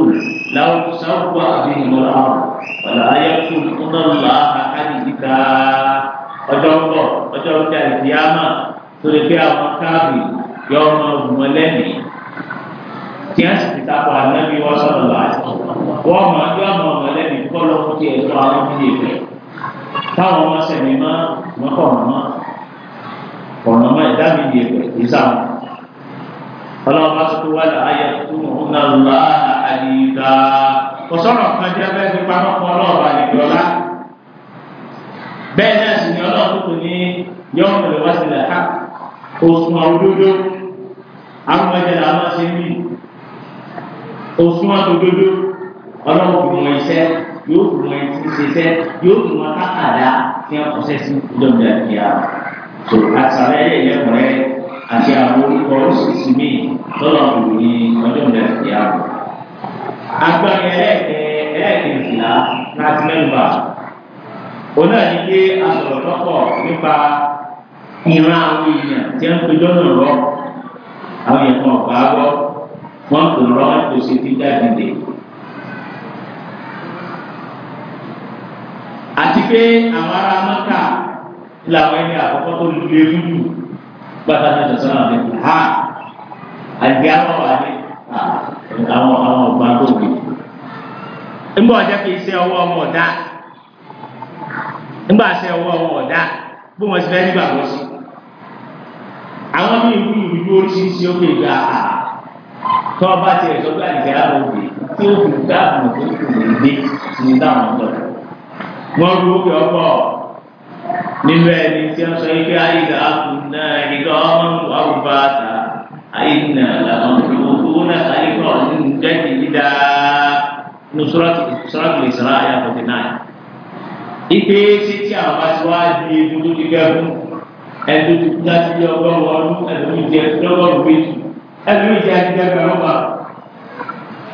[SPEAKER 1] لو سوى بهم الأرض ولا يكن الله أحد كتاب ọjọ́ ń bọ̀ ọjọ́ ń da ìdíyàmà torí pé àwọn káàbì yọ ọmọ ògùnmọ́ lẹ́nìí tí a sì ti takọ ànábi wọ́n sọ̀rọ̀ láti wọ́n mọ̀ ọjọ́ ọmọ ọmọ lẹ́nìí kọ́ ló fún ti ẹ̀tọ́ àwọn ọmọdé rẹ̀ táwọn ọmọ sẹ̀mí mọ́ mọ́kọ̀ mọ́ ọ̀nà mọ́ ẹ̀dá mi di ẹ̀fẹ̀ ìsáwọn ọlọ́wọ́ bá sọ pé wà láàyè tó ń nà lọ́wọ́ àdìgbà kò sọ̀rọ̀ kan jẹ́ bẹ́ẹ̀ bẹ́ẹ̀ náà sì ni ọlọ́run tó ní yọ̀ọ́ pẹ̀lú wá sílẹ̀ ká òsùn àwòdodo àwọn ọjà làwọn ṣe ń bì òsùn àwòdodo ọlọ́run kò mọ iṣẹ́ yóò fún wọn ti ṣiṣẹ́ yóò fún wọn kákàdá tí wọn kọsẹ́ sí lọ́dọ̀ ìyá tó àtàlẹ́ ẹ̀yẹ mọ̀rẹ́ àti àwọn orúkọ oríṣiríṣi míì lọ́dọ̀ ìròyìn lọ́dọ̀ ìyá. agbára ẹlẹ́ẹ̀kẹ́ ẹlẹ́ẹ̀kẹ́ ìfìlà láti mẹ́nu òun náà ní pé asọ̀rọ̀ lọ́pọ̀ nípa ìran àwọn èèyàn tí wọ́n ń pejọ́ náà rọ àwọn èèyàn kan ọ̀gá rọ wọ́n kò rọ wọ́n kò sí dídá dìde. àti pé àwọn ará mọ́tà làwọn ẹni àkọ́kọ́ tó lulẹ̀ lulu gbàtà náà tẹ̀sán náà lè ha àgbẹ̀ àwọn wà ní àwọn àwọn ọ̀gbọ́n tó gbé. ń bọ̀ ọjọ́ kì í ṣe ọwọ́ ọmọ ọ̀dá nígbà àṣẹ ọwọ́ ọwọ́ ọ̀dá bó wọ́n ti fẹ́ nígbà wọ́n sí àwọn ní ìlú ìlú oríṣiríṣi ó lè gba àà tó ọba ti rẹ̀ sọ́gbà ìgbà àwọn òbí tí ó kùn dáàbò tó kù lè gbé ní dáwọn ọ̀dọ́ wọn rú òkè ọgbọ́ nínú ẹni tí wọ́n sọ pé àyíká àkùnà ìgbà ọmọ ìwà òbá àtà àyíká làwọn olùkó náà àyíká ọ̀hún jẹ́ ìdá nusrat nusrat lè sara àyà 49 ipe títí àwọn bá ti wá di egun tó ti kẹ́kọ̀ọ́ ẹ̀dùn ti kúta sí ọgọ́rùn ọdún ẹ̀dùn ìjẹ lọ́gọ́rùn méjì ẹ̀dùn ìjẹ akíkẹ́kọ̀ọ́ ẹ̀rọ bá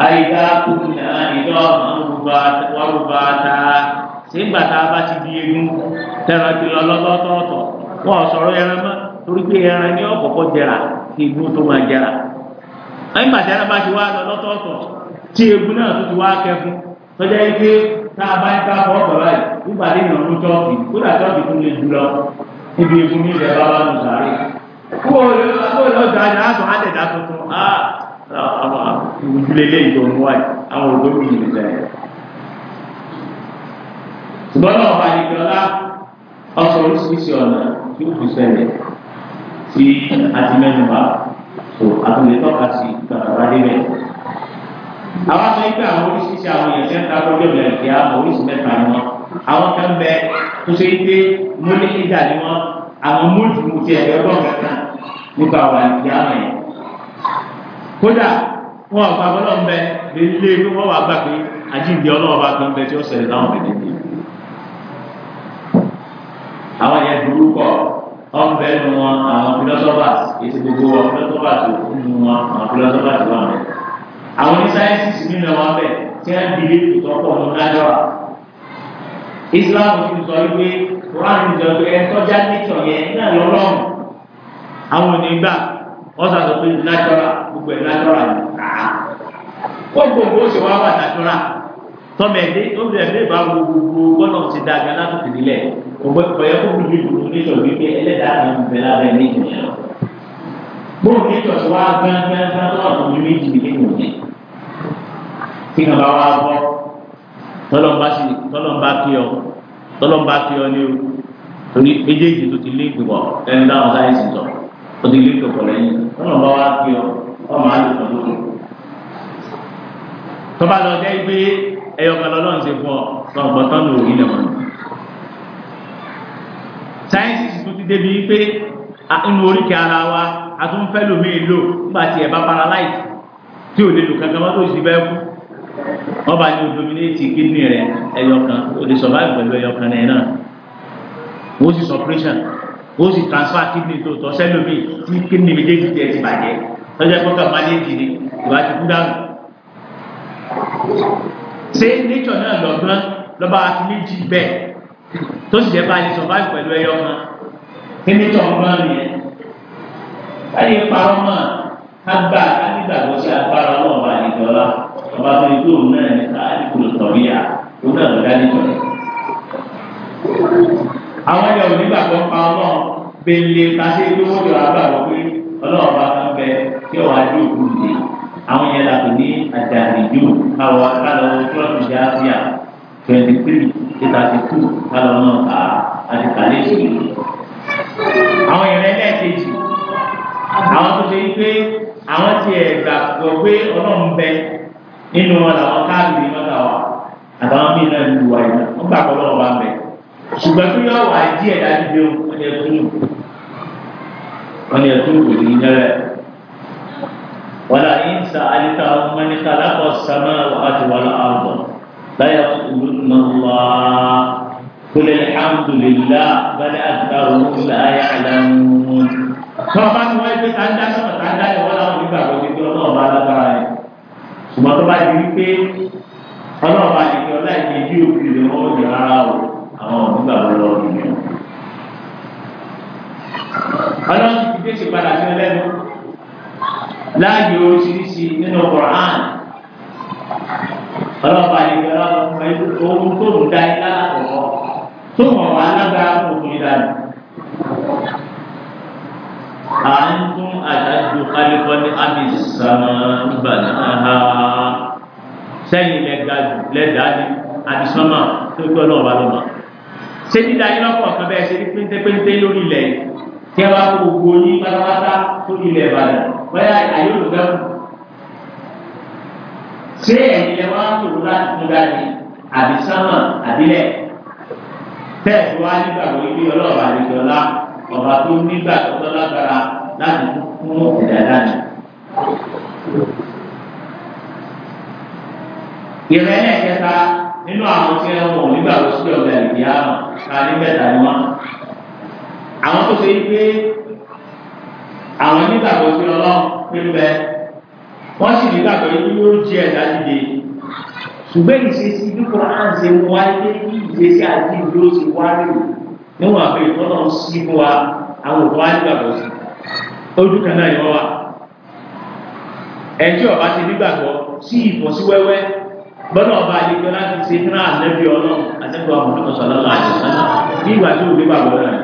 [SPEAKER 1] àyíká kùkù náà ìjọ ọ̀rùbá ta sígbà tá a bá ti di egun tẹ̀rọ ti lọ lọ́tọ̀ọ̀tọ̀ wọn sọ̀rọ̀ ẹran mọ́ torí pé ẹran ní ọ̀kọ̀ọ̀kọ̀ jẹrà kí egun tó máa jẹrà ẹ̀yìn bàtẹ́rẹ́ bá ti wá lọ lọ́tọ̀ọ̀tọ̀ tí egun náà tó ti wá kẹfun tọ́jà yìí pé tá a bá ń ká bọ́ bàbá yìí nígbà tí ìyàn ló jọ́ọ̀kì kódà jọ́ọ̀kì tún lè dúró ibi egun ní ilẹ̀ bàbá mi sàárè. kó o lọ o ẹ̀ náà tó á tẹ̀dá tuntun á ìwúdúlé lé ìjọba wáyé àwọn òdó mi yìí lẹ́yìn. ṣùgbọ́n náà wà ní ìjọba ọ̀sọ̀ oríṣiríṣi ọ̀nà tí ó fi ṣẹlẹ̀ tí a ti mẹ́nu bá tó àtúnyẹ̀tọ́ àti ìgbàgbọ́ àwọn sọ pé àwọn oríṣiríṣi àwọn èèyàn ti ń ta problem ẹ̀ kí á mọ oríṣi mẹ́ta ni wọn àwọn kan bẹ tó ṣe pé mo ní ìjà ni wọn àwọn múlùú mo ti ẹ̀fẹ́ ọgbọ́n kankan nípa wà ní ìyá wọn yẹn kódà wọn àgbà bọ́lọ̀ ń bẹ lélẹ́ pé wọ́n wà gbà pé àjíǹde ọlọ́wọ́ bá kan bẹ tí ó ṣẹlẹ̀ láwọn bẹ̀rẹ̀ ní. àwọn yẹn dúró kọ ọ̀nbẹ nu wọn àwọn philosophers èsì gbogbo wọn philosophers nínú wọn àwọn philosophers wọn bẹ̀rẹ̀ nà wọn bẹ̀ tí wọ́n di létò tọ́pọ̀ ní ọ̀dájọ́ wa. Islam ti sọ wípé Quran ti sọ pé ẹ̀tọ́já nítọ̀ yẹn náà lọ́lọ́run àwọn onígbà wọ́n sàtọ̀ pé nájọ́ra gbogbo ẹ̀ nájọ́ra ni kàá. Kó gbogbo oṣù wa wà nájọ́ra tọ́mẹ̀dé ó bẹ̀rẹ̀ bí ìbá gbogbo gbọ́dọ̀ ti da gan látòkè nílẹ̀ ọ̀yẹ́ kó gbogbo ìbùdó nítorí wípé ẹlẹ́dàá kan ń bẹ lára ẹni ìjìnlẹ̀. Bóòlù nítorí wa gángan gángan lọ́rùn ní méjì kí nàbà wà bọ́ tọ́lọ́mbà sí tọ́lọ́mbà kí ọ tọ́lọ́mbà kí ọ ní o torí méjèèjì tó ti léèkì wọ ẹni dáhùn sáyẹ́nsì sọ ó ti léèkì ọ̀pọ̀ lẹ́yìn tọ́lọ́mbà wà kí ọ ọmọ àlùkò lóko tọ́ba lọ jẹ́ pé ẹ̀yọ̀kan lọ́lọ́run ṣe fún ọ lọ́gbọ̀n tán lò rí lẹ́wọ̀n sáyẹ́nsì sì tún ti débi pé inú oríkèé ara wa a tún fẹ́ lòmíì lò nígbà tí ẹ̀ bá paralyze tí ò lè lò kankan mọ́tò sí bẹ́ẹ̀ kú wọ́n bá ní dominate kidney rẹ̀ ẹyọkan o lè survive pẹ̀lú ẹyọkan rẹ̀ náà o sì suppression o sì transfer kidney tó tọ́ sẹ́lómi tí kidney méjèèjì tẹ̀ ti bàjẹ́ lọ́jọ́ ìfọ́kàn máléèjì ni ìwà ti kú dànù. ṣé nature náà lọ́gbọ́n lọ́ba àti méjì bẹ́ẹ̀ tó sì jẹ́ bá a lè survive pẹ̀lú ẹyọkan kí nature ń gbọ́n nìyẹn. láyé parọ́ mọ́ kágbà kágbàgbọ́ sí agbára ọlọ́ọ̀bà àdìjọ́lá ọba tó ikú òun náà ní káàdì kò tọ̀rí à òun náà lọ́dá nìjọ. àwọn ẹ̀yà òní gbàgbọ́ pa ọlọ́ọ̀ bẹ́ẹ̀lẹ̀ kásẹ̀ tó wọ́n jọ agbábọ̀ pé ọlọ́ọ̀bà kan bẹ kí ọ̀wá dé òkú dé àwọn yẹn la kò ní àdàlejò káwọ kálọ̀ kílọ̀tù jẹ́ àfíà twenty three to thirty two kálọ̀ náà ká àti kàlẹ́ ìṣòro. àwọn ìrẹ́lẹ̀ kejì àwọn tó ṣe é pé àwọn tí ẹ̀ gbàgbọ́ pé ọlọ́run bẹ nínú wọn làwọn káàbì lọ́dà wa àtàwọn míì náà lù wá yìí wọ́n gbà pọ̀ lọ́wọ́ bá ń bẹ ṣùgbọ́n tó yọ wà díẹ̀ dájú pé wọ́n yẹ kú wọ́n yẹ kú kò ní yẹ́rẹ́ wọ́n là ń sa àyíká ọmọ ní kálákọ̀ sámá àti wọ́n là ń bọ̀ láyà olùnà wá kólé alhamdulillah bá ní àgbà òun là yà á lẹ́nu tó ọba tí wọ́n gbé táńdá sọ̀rọ̀ táńdá yẹn wọ́n láwọn nígbà wọ́n ti gbé ọlọ́run bá lágbára yẹn ṣùgbọ́n tó bá di wípé ọlọ́run bá dìgbẹ́ ọláìní bí òkú lè wọ́n yẹ rárá o àwọn nígbà wọ́n lọ nìyẹn. ọlọ́run ti fi dé padà sí ọlẹ́nu láàyè oríṣiríṣi nínú Qur'an ọlọ́run bá dìgbẹ́ ọlọ́run ohun tó ń da ilá àkọ́kọ́ tó mọ̀ wá lágbára fún òkú أأنتم أشد خلقا أم السماء بناها sẹ́yìn lẹ́dàáni àdìsọ́mà tó gbọ́ náà wà lọ́mà ṣé dídá yín lọ́pọ̀ kan bẹ́ẹ̀ ṣe ní péńtépéńté lórí ilẹ̀ tí ẹ bá kó gbogbo yín pátápátá lórí ilẹ̀ Ìbàdàn bóyá àyè olùgbẹ́kù ṣé ẹ̀yin lẹ wá tòrò láti fún dáadé àdìsọ́mà àdílẹ̀ tẹ́ẹ̀ tó wá nígbàgbọ́ ilé ọlọ́ọ̀bà àdìsọ́lá ọba tó nígbà tó lágbára láti fún ìdá dání. ìrẹ́lẹ̀ kẹta nínú àwọn tí ẹ wọ̀ nígbà tó sí ọ̀gá ìdí àmọ̀ ká níbẹ̀ dání wọn. àwọn tó ṣe pé àwọn nígbà tó sí ọlọ́run pínpẹ́ wọ́n sì nígbà tó yẹ kí yóò jí ẹ̀dá dìde ṣùgbọ́n ìṣesí bí kò á ń ṣe wáyé kí ìṣesí àti ìdúró ti wáyé níwọ̀n àpè ìtọ́nà sí fún wa àwọn òkú ájúgbàgbọ́ ojú kan yọ wa ẹjọ́ ọba ti nígbàgbọ́ sí ìfọ̀síwẹ́wẹ́ gbọ́dọ̀ ọba àdìgbò láti ṣe fún àlẹ́bí ọlọ́run àtẹ́gbọ́ àmọ́tò sọ̀lọ́lá àjọsánná nígbà tí òun nígbàgbọ́ náà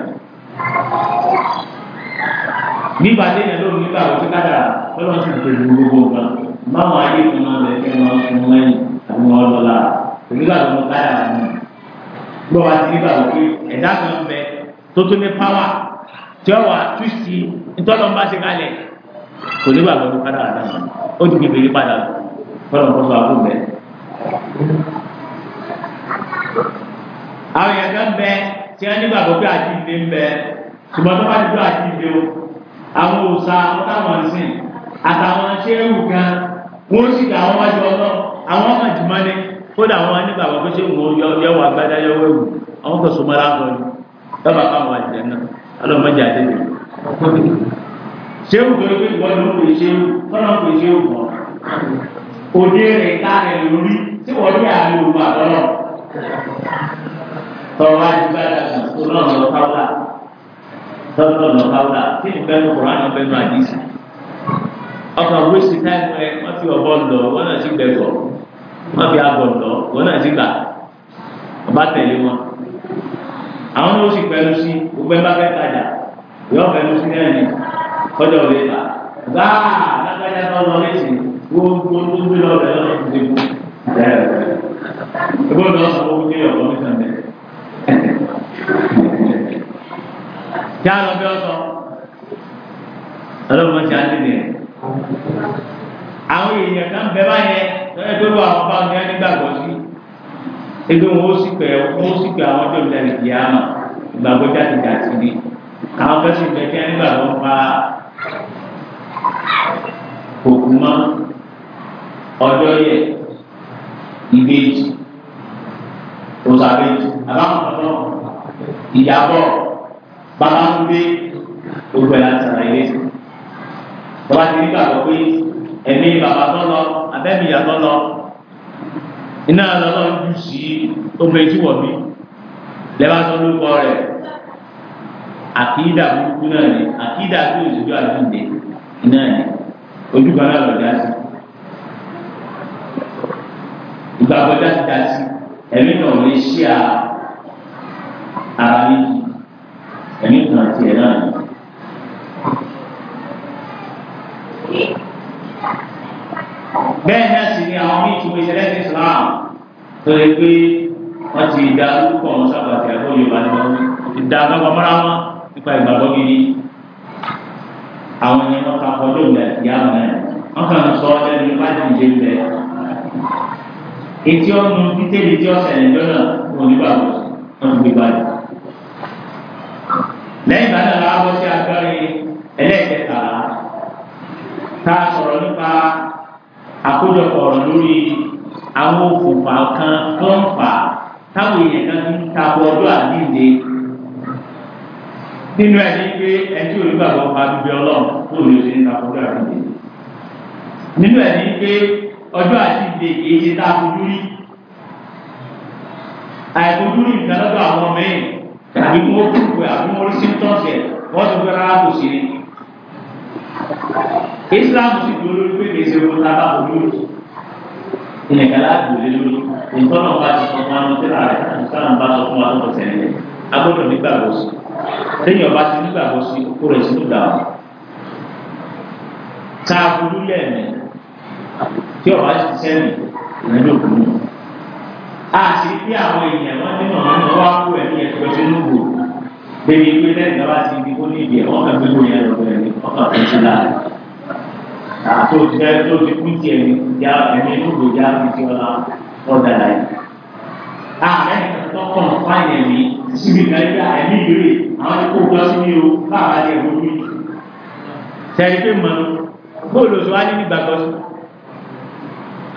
[SPEAKER 1] gbọ́ wa ti rí bàbá pé ẹ̀dá kan ń bẹ tó tó ní páwà tí ó wà túṣì ntọ́nà bá ṣe kalẹ̀ kò ní bàbá tó padà àdá ó ti kékeré padà fọlọ́n kó sọ àbúrò bẹ́ẹ̀. àwọn èèyàn kan bẹ tí wọ́n ní bàbá pé àti ìdè ń bẹ ṣùgbọ́n tó bá ti tó àti ìdè o àwọn òòṣà àwọn táwọn ń sìn àtàwọn ṣé ewu kan wọ́n sì dà àwọn wájú ọlọ́ àwọn ọmọ ìjùmọ́ ni kódà wọn nígbà wọn pé ṣé wọn yọ wọ agbádá yọ wẹwù àwọn kò sọmọ láǹkọ ni dábàá káwọn àjẹ náà alọmọdé àti ẹgbẹ ṣéwù tó yẹ kí wọn ló pè ṣéwù kọ́nà pè ṣéwù mọ́ òde rẹ̀ ká rẹ̀ lórí tí wọ́n ní àlọ́ òun àtọ́nà tọ́wọ́ àdìgbàdà tó náà lọ káwọ́lá tọ́lọ́ lọ káwọ́lá tí nìkan ní kọ́ra náà bẹ́ẹ̀ máa dì ọkọ̀ wíṣí táìmù rẹ̀ wọ́n fi ọ̀bọ lọ wọ́n náà sì gbẹ̀gbọ̀ wọ́n fi agbọ̀dọ̀ wọn náà ti gbà ọba tẹ̀lé wọn àwọn ló sì pẹ̀lú sí gbogbo ẹ bá fẹ́ tajà yọ pẹ̀lú sí náà ni kọjọ òde ta gbáà lágbájá tó lọ létí gbogbo tó gbé lọ bẹ̀rẹ̀ lọ sí ibú bẹ́ẹ̀ ẹgbẹ́ mi ọ̀sán owó dé ọ̀rọ̀ mi sàn bẹ́ẹ̀ kí á lọ bí ọ̀sán ọlọ́run ti á dé nìyẹn àwọn èèyàn kan bẹ báyẹn lọ́yẹ́ tó lọ àwọn bá wọn nígbàgbọ́ sí ebi wọn ó sì pẹ̀ wọn ó sì pẹ̀ àwọn tó lẹ́nu ìdí àmà ìgbàgbọ́ jáde dàtí ni àwọn fẹ́ sì bẹ̀kẹ́ nígbàgbọ́ pa òkú mọ́ ọjọ́ yẹ ìbejì òsàbejì àbámọ̀tọ́ ìyàbọ̀ bàbá ń gbé gbogbo ẹ̀ láti sàlàyé tọ́ba ti nígbàgbọ́ pé ẹ̀mí bàbá tó lọ abẹ́mi ìyá tó lọ iná lọ́lọ́ ń jù sí obìnrin tí wọ̀n mi lẹ́bàá tó lórúkọ rẹ̀ àkìdá burúkú náà ni àkìdá tó ìṣojú àdúgbò náà ni ojú kan náà lọ dá sí ìgbàgbọ́ dá sí dá sí ẹ̀mí náà lè ṣí à ara méjì ẹ̀mí kan àti ẹ̀ náà ni bẹ́ẹ̀ náà sì ni àwọn míì tún ìṣẹ̀lẹ̀ sí Islam tó lè pé wọ́n ti da lórúkọ wọn sábà tí a kó Yorùbá ní wọn ti da agbábọ́ mọ́ra wọn nípa ìgbàgbọ́ gidi àwọn ẹni wọn kà kọ́ lóògbé ìyá wọn náà wọn kàn ń sọ ẹni nípa ti ìjẹ ìjẹ etí ọ̀nù títẹ̀lé tí ọ̀sẹ̀ ẹ̀jọ́ náà wọn ní bàbá wọn ti gbé báyìí lẹ́yìn bá náà láwọ́ sí agbárí ẹlẹ́ẹ̀kẹta tá a sọ̀rọ̀ nípa àkójọpọ̀ ọ̀rọ̀ lórí àwọn òkùnfà kan tó ń fà táwọn èèyàn kan ti ń takò ọjọ́ àdínde nínú ẹni pé ẹni tí onígbàgbọ́ pa bíbí ọlọ́run tó lè ṣe ń takò ọjọ́ àdínde nínú ẹni pé ọjọ́ àdínde kì í ṣe tá a fojú rí àìfojú rí nǹkan lọ́dọ̀ àwọn mẹ́rin àbí wọ́n kúrò àbí wọ́n rí síntọ́ọ̀sì ẹ̀ wọ́n ti gbé rárá kò sí ni. Islam ti dúró lórí pé kèsì owó ta bá òun lòdì ilẹ̀ kala àgbòlé lórí ìtọ́nà bá ti sọ fún àwọn tíra rẹ̀ ìtọ́nà bá sọ fún àwọn ọ̀sẹ̀ rẹ̀ agbọ́dọ̀ nígbàgbọ́ sí lẹ́yìn ọba ti nígbàgbọ́ sí okó rẹ̀ sínú ìdààmú tá a burú lẹ́ẹ̀mẹ́ tí ọba ti sẹ́yìn ìrìnàjò òkú a sì rí àwọn èèyàn wọn nínú àwọn ọmọ wa kú ẹ̀mí ẹ̀kọ́ sínú bẹ́ẹ̀ni pé lẹ́yìn náà ti di kó ní ìdí ẹ̀wọ́n kan gbé wọ̀nyẹn lọ bẹ̀rẹ̀ ní ọkàn tó ti láàyè. àtò tẹ tó ti kú tiẹ̀ ní ìjà ẹ̀mí lóògùn ìjà fi ti ọ̀la ọ̀dà láyé. ààrẹ tọkàn fáyẹn mi síbi kàlíkà ẹ̀mí ìrè àwọn tí kò gbọ́ sí mi o káàbà lè wọ mí. sẹ́ni pé mọ̀ bóòlù tó wá ní ìgbàgbọ́ sí.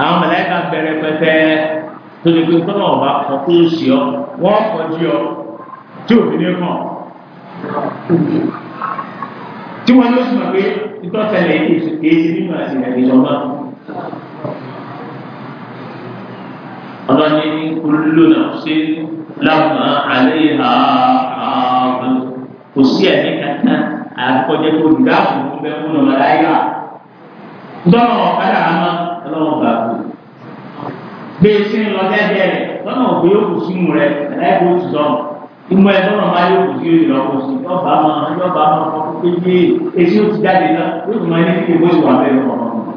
[SPEAKER 1] àwọn mọ̀lẹ́kà bẹ̀rẹ̀ pẹ̀tẹ́ tó ti pé tọ́nà ọ̀bá kọ tó ṣì ọ wọ́n kọjú ọ tí òfin ní kàn tí wọ́n yóò sọ pé ìtọ́sẹ̀lẹ̀ yìí kò sì kéé nínú àti ìrìnàjò náà. ọlọ́ni ní olúlo náà ṣe lámà àlẹ́ ha ààbò kò sí ẹ̀mí kankan àkọjẹ́ tó dùdá fún un bẹ́ẹ̀ fún ọmọ láyà. dọ́nà ọ̀kadà àmọ́ ọlọ́wọ́n gbà kú. gbèsè ńlọ dẹ́gbẹ́ rẹ̀ dọ́nà ògbé yóò kù sínú rẹ̀ ẹ̀dá ìbò ti dọ́nà ìmọ̀ ẹ̀ lọ́nà máa yóò kù sí òyìnbó kù sí yọba máa yọba máa kọ́ pé yé èsì ó ti jáde náà yóò tún máa ní kí ewé ìwà bẹ́ẹ̀ lọ́wọ́.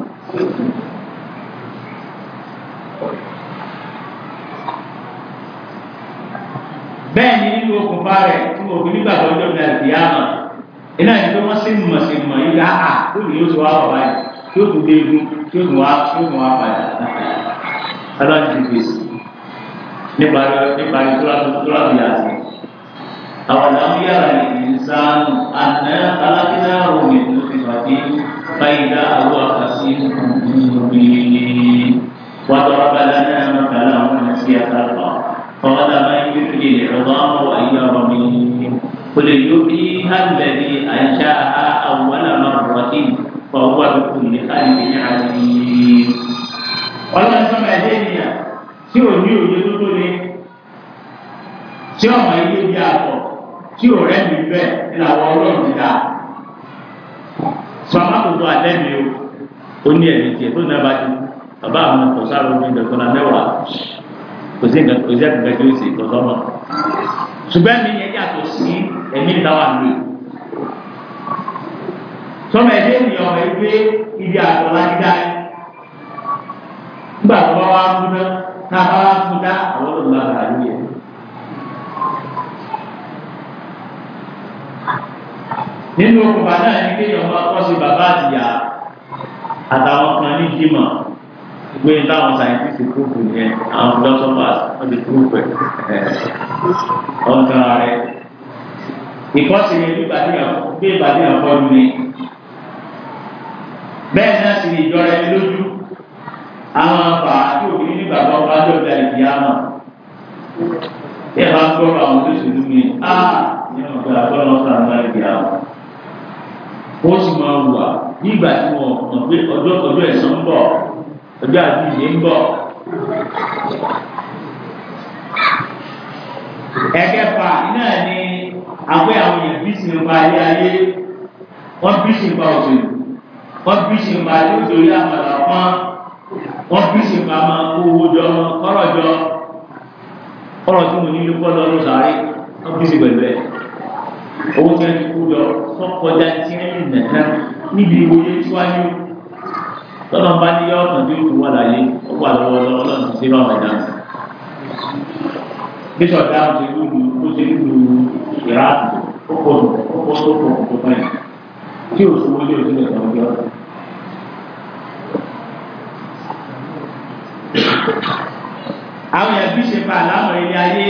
[SPEAKER 1] bẹ́ẹ̀ ni nínú okùnfà rẹ̀ tí mo fi nígbàgbọ́ ọjọ́ mi àti ìyá mà iná ìdí wọn sì mọ̀ sí mọ̀ yìí rà á ó lè yóò tún wá wà báyìí yóò tún dé igun yóò tún wá yóò tún wá padà aláǹdí gbèsè nípa nípa ìtura tó tóra bí أولم ير الإنسان أنا خلقناه من نطفة فإذا هو خصيم مبين وضرب لنا مثلا ونسي خلقه قال من يحيي العظام وهي رميم قل يحييها الذي أنشأها أول مرة فهو بكل خلق عليم ọlọ́run sọ́mọ ẹ̀dẹ́ ènìyàn tí ò ní òye tó tí ò rẹ́ mi bẹ́ẹ̀ nínú àwọn ọlọ́run ti dá. sọ amákòókò alẹ́ mi o ó ní ẹ̀rí tiẹ̀ tó náà bá ti bàbá àwọn ọkọ̀ sáré omi ìdọ̀tún náà mẹ́wàá kò sí nǹkan kò sí ẹ̀kọ́ kẹjọ ìsè ìtọ́sọ́ náà. ṣùgbọ́n mi yẹn yàtọ̀ sí ẹ̀mí ìdáwà mi. sọmọ ẹ̀dẹ́ ènìyàn rẹ̀ gbé ibi àgbọ̀ láti dá nígbà tó bá wá múná tá a bá wá múná àwọn olùlọ́ nínú òkùnfà náà ní kéèyàn máa kọ́ sí bàbá àtìyà àtàwọn kan ní jímọ̀ gbé táwọn scientific group yẹn àwọn philosophers wọ́n ti group ẹ̀ ọ̀gá rẹ̀ ìkọ́sí ni bí ìbàdí àfọ́jú ni bẹ́ẹ̀ náà sì ni ìjọra ẹni lójú àwọn àpà tí òbí ní bàbá ọba tó gba ìdí àmọ́ tí ẹ bá gbọ́rọ̀ àwọn tó sì lú mi á ní ọ̀gá àgbọ̀nà ọ̀sán náà ìdí àmọ́ wọ́n sì máa wà ní ìgbà tí wọ́n mọ̀ pé ọjọ́ ọjọ́ ẹ̀san ń bọ̀ ọjọ́ àbíyè ń bọ̀. ẹ̀kẹfà náà ni àwọn àwọn èèyàn bí sì ń pa ayé ayé wọ́n bí sì ń pa òṣèlú wọ́n bí sì ń pa ayé òṣèlú àmàlà pọ́n wọ́n bí sì ń pa máa owó jọ kọ́rọ̀ jọ kọ́rọ̀ tí mo ní ló kọ́ lọ́rùn sáré wọ́n bí sì pẹ̀lú ẹ̀ òun fẹ́ kú lọ sọ́kọjá tí ń rìn nìkan níbi ìwòye síwájú tọ́lá bá ní yọ ọ̀sán tí ó fi wà láyé ó wà lọ́wọ́ lọ́wọ́ lọ́nà sí báwọn ẹ̀dá. bísọ̀ dáhùn ti lùlù ó ti lùlù ìráàbù ó pọ̀ ó pọ̀ tó pọ̀ tó pọ̀ yìí tí ò sówó lé òsì lẹ̀sán ọjọ́. àwọn ẹ̀bí ṣe pa àlámọ̀ ilé ayé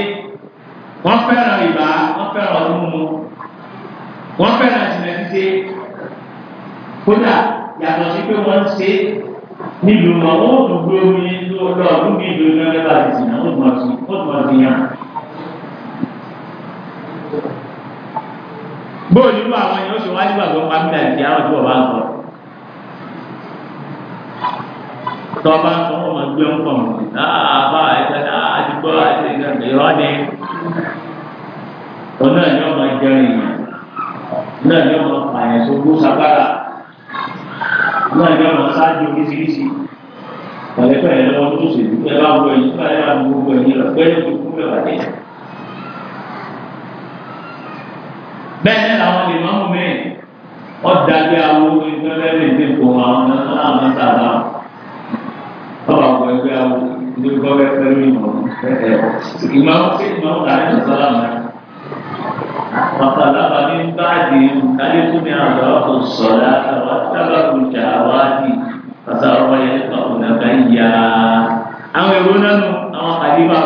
[SPEAKER 1] wọ́n fẹ́ràn ìbá wọ́n fẹ́ràn ọdún mu wọ́n fẹ́ràn jìnnà títí kódà yàtọ̀ sí pé wọ́n ń ṣe nílùú wọn ó dùn dúró ní lọ́ọ̀dún ní ìlú náà lẹ́bàá ti jìnnà ó dùn ọtí ó dùn ọtí yàn. bóòlù irú àwọn yẹn ó ṣe wájú àgbọ̀ pàmílà ìdí àwọn tí wọ́n bá ń bọ̀. tọ́ba ń kọ́ ọmọ gbé ń pọ̀ mọ́ àbá ah, ẹ̀ka àdìgbò àti ìrọ́ni. ọ̀nà ìyọ́mọ jẹrin yẹn náà ni ọmọ pààyàn sógbó sagbára náà ni ọmọ sáájú oríṣiríṣi pẹ̀lẹ́pẹ̀lẹ́ lọ́wọ́ tó ṣe dúpẹ́ bá wọ ẹ̀yìn tó ayé àwọn gbogbo ẹ̀yìn rẹ̀ pẹ̀lẹ́ tó kú rẹ̀ wáyé. bẹ́ẹ̀ ni làwọn lè máa mú mi ọ̀dà bí awo ìfẹ́fẹ́rẹ́ ìdí kò àwọn náà sábà ọ̀rọ̀ àwọn ẹgbẹ́ awo ìdí kọ́ fẹ́ fẹ́ mi mọ̀ ìmọ̀ ṣé ìmọ̀ tàbí ìmọ̀ sálámù náà. وطلب من بعدهم ألف أضاعوا الصلاة واتبعوا الشهوات فسوف يلقون بيا أو يقولون أو حبيبا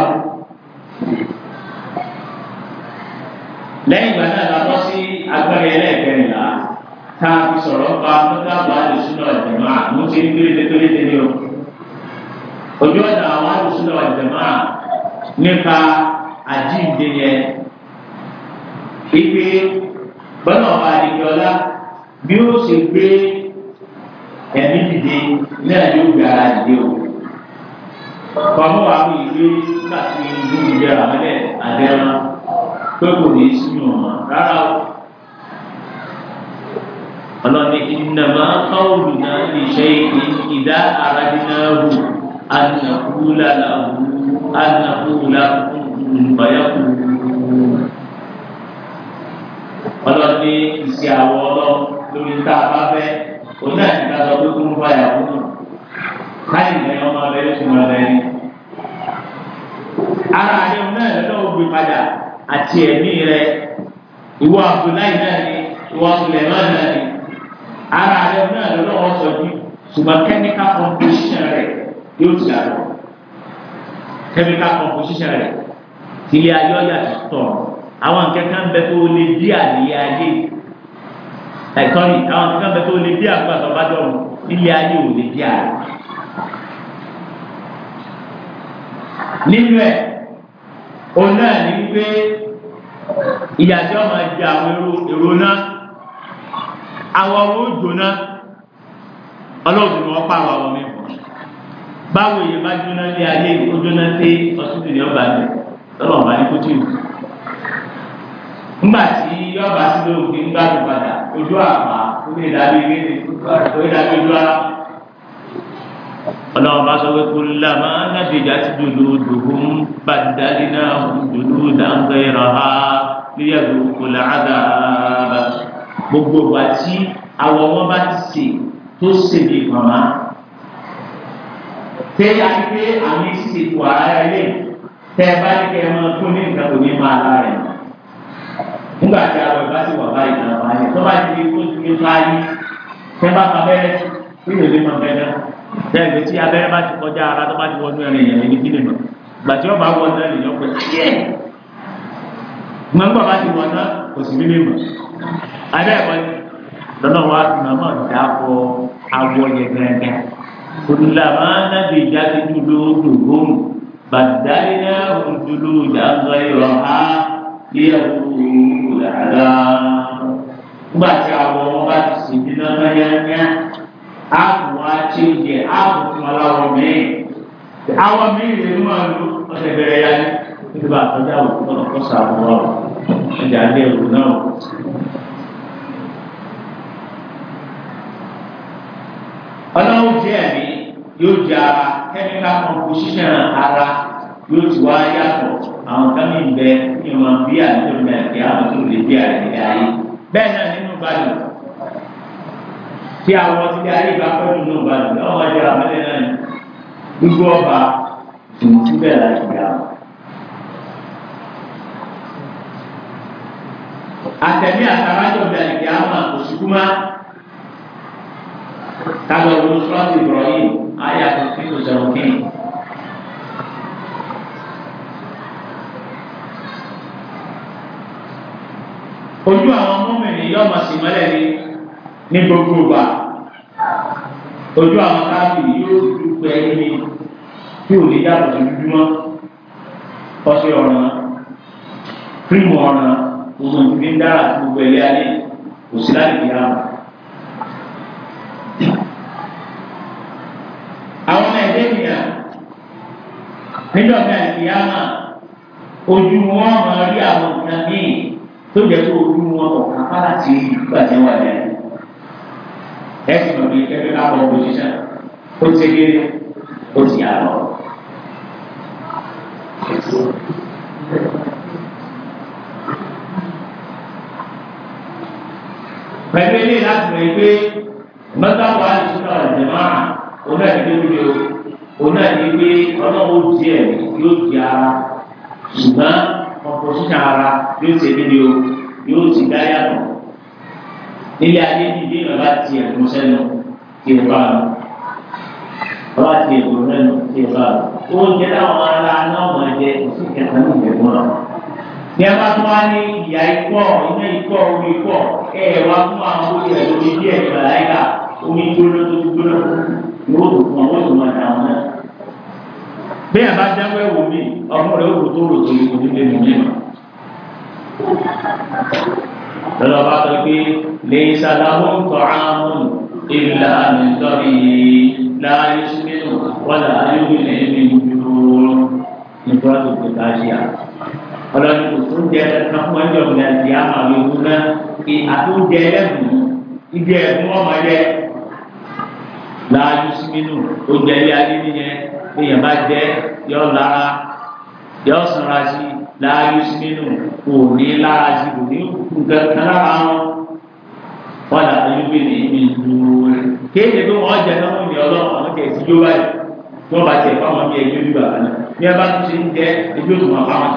[SPEAKER 1] lẹ́yìn ìgbà náà la bọ́ sí agbára ẹlẹ́ẹ̀kẹrìnlá tá a fi sọ̀rọ̀ pa mọ́tàbọ̀ àdùsúnà ìjẹ̀mọ́ àmú ti ń gbélé tẹ́tẹ́lé tẹ́lẹ̀ o ojú ọ̀dà àwọn àdùsúnà ìjẹ̀mọ́ nípa àjíǹde yẹn ipe bọ́lá ọba àdìgbọ́lá bí ó ṣe gbé ẹ̀mí dìde náà yóò gbé ara dìde o. Bàbá wa mi gbé nígbà tí ìlú ìjẹ́ àmọ́lẹ̀ àdẹ́rán pé kò ní sínú ọ̀mọ́ rárá o. Ọlọ́ni ìnàmá káwùlù náà lè ṣe ìdá ara dínáà wò ànàkúlà làwù ànàkúlà kùnkùn bàyà kùnkùn ọlọ́dẹ ìṣe àwọ̀ ọlọ́run lórí tá a bá fẹ́ òun náà ti ká lọ pé kúrú báyà wúlò káyì lẹ́yìn ọmọ rẹ ló sùn lọ́dẹ ni. ara rẹ òun náà lọ́dọ̀ ògbé padà àti ẹ̀mí rẹ ìwọ Abdullahi náà ni ìwọ Suleiman náà ni ara rẹ òun náà lọ́dọ̀ ọ̀sọ̀ bí ṣùgbọ́n kẹ́míkà kọ̀m̀pọ̀ṣíṣàn rẹ yóò ti àrọ̀ kẹ́míkà kọ̀m̀pọ̀ṣíṣàn rẹ ilé ayọ́ yàtọ̀ tọ̀rọ̀ àwọn nǹkankan bẹ tó lè di àlè ayé ẹ̀tọ́rì àwọn nǹkankan bẹ tó lè di àgbàsọ bá dọ̀rùn nílé ayé ò lè di àlè. nínú ẹ̀ òun náà ní pé ìyàjọ́ máa di àwọn èrò náà àwọn ọmọ òjò náà ọlọ́run ni wọ́n pààrọ̀ àwọn mẹ́fọ́ báwo yẹn bá jóná lé ayé ìkójóná sí ọsibítù ní ọba rẹ̀ lọ́nà ọba ní kó tí ì nígbà tí yọba sí lóògbé ń gbádùn padà ojú àpá ó lè dábí ilé ó lè dábí ojú ara. ọlọ́run bá sọ pé kó lámà nàdìjà ti dòdò dòdò ń bàdàlí náà dòdò dáńgẹ́ ìrà ha níyàgò kò láàdà gbogbo ìgbà tí àwọn ọmọ bá ti sè tó sè ní màmá tẹ àti pé àmì sèkò ara ẹ lè tẹ bá ní kẹ ẹ máa tún ní nǹkan kò ní máa lára ẹ nígbà tí àwọn ìbá ti wà báyìí náà wáyé tó bá ti kó ti ké sáyé tẹ bá ka bẹ́ẹ̀ kí lè lè mọ bẹ́ẹ̀ náà bẹ́ẹ̀ bẹ́ẹ̀ tí abẹ́rẹ́ bá ti kọjá ara tó bá ti wọnú ẹ̀rìn yẹn lè ní kí lè mọ gbàtí ọba wọnú ẹ̀rìn yẹn pé ayé gbọ́ngbọ́n bá ti wọnú kò sí nílé mọ adé ẹ̀kọ́ lọ́nà wa màmá dà kọ awọ yẹn gẹ́gẹ́ olùlàmọ́ anábì jáde dúró dògbòm bàdánilẹ́ òdòdó ìdánwó ìrọ̀há. ليذوقوا العذاب gbà tí àwọn ọmọ bá ti sì bí náà yányá ààbò wa ti ń jẹ ààbò fún aláwọ̀ míì àwọn míì lè mú àlù ọ̀sẹ̀ bẹ̀rẹ̀ yá ní nítorí bá àtọ́jú àwọn òkú náà kọ́ sàmù wa ọjà ilé ẹ̀rù náà. ọlọ́run jẹ́ ẹ̀mí yóò jẹ́ ara kẹ́míkà kan kò ṣiṣẹ́ ara yóò ti wá yàtọ̀ àwọn kan ní bẹ ní wọn bí àdúgbò ní àti àwọn tó lè bí àdúgbò ayé bẹ́ẹ̀ náà nínú balùwẹ̀ tí àwọn ti di ayé bá pẹ́ nínú balùwẹ̀ ọmọ ẹ̀jẹ̀ àmọ́lẹ̀ náà ní gbogbo ọba tòmùtú bẹ́ẹ̀ láti gbà wọn. àtẹ̀mí àtàrájọ̀ bí àdìgbà àwọn òṣùkúmá tábọ̀ ìwòsàn ìbọ̀rọ̀ yìí ayé àtúntò ìṣòro kìnnìkan. ojú àwọn mọ́mìnrin yóò máa sì mọ́lẹ̀ ní ní gbogbo ìgbà ojú àwọn káàkiri yóò dúdú pé ẹni ní tí ò lè yàtọ̀ sí dúdúmọ́ ọṣẹ ọ̀ràn fíìmù ọ̀ràn gbogbo ìdílé ń dára gbogbo ẹ̀lẹ́ ayé kò sí láti fi hàn. àwọn nàìjíríà nígbà tí àìsí yá náà ojú wọn máa rí àwọn nǹkan míì tó jẹ́ tó ojú wọn kọ̀ kápálà tí ìgbàjẹ́ wà lẹ́nu ẹ̀sìn mọ̀ bí ẹgbẹ́ bá bọ̀ ọ̀gbọ̀n ṣiṣẹ́ ó ti ṣe kéré ó ti yà lọ. pẹ̀lú ilé láti mọ̀ pé mọ́tàbọ̀ àdìsúná ọ̀dẹ̀ máa oná ìdílé o oná ìdílé ọlọ́wọ́ tiẹ̀ yóò di ara ṣùgbọ́n composition ara yóò ṣe kí ni o yóò ti dá yàtọ̀ nílé ayé ní ilé ìwà bá ti ẹ̀gbọ́n sẹ́nu kí o bá lọ bá ti ẹ̀gbọ́n sẹ́nu kí o bá lọ oúnjẹ táwọn ará náà máa jẹ oṣù kẹta ní ìgbẹ́gbọ́n náà ní a bá tún wá ní ìyá ikọ́ iná ikọ́ omi ikọ́ ẹ wá fún àwọn olè lórí díẹ̀ ìgbàláyà omi gbóná tó gbóná ní o tó fún ọ wọ́n tó máa dà wọn náà bí ẹ bá dáwọ́ ẹ̀wò mi ọmọ rẹ̀ òkú tó rò sórí kò ní lè mú mi. lọ́dọ̀ bá sọ pé lè ṣàlàwọ́ nǹkan ààrùn ìlà nìtọ́rí láàyè sílẹ̀ wọ́lá ayélujára ẹ̀mí ìlú nípa òkú ó jẹ ilé ayé nìyẹn èèyàn bá jẹ́ yọ lára yọ sanra sí láàyè sínú kò ní lára sí kò ní nǹkan kan lára wọn wọn là ń gbé ní ibi dúró kéde tó wọn jẹ náà wọn ní ọlọ́run àwọn tẹ sí yóò báyìí wọn bá tẹ fáwọn bí ẹgbẹ́ bí bàbá náà bí ẹ bá tún ṣe ń jẹ ẹgbẹ́ òtún wọn fáwọn.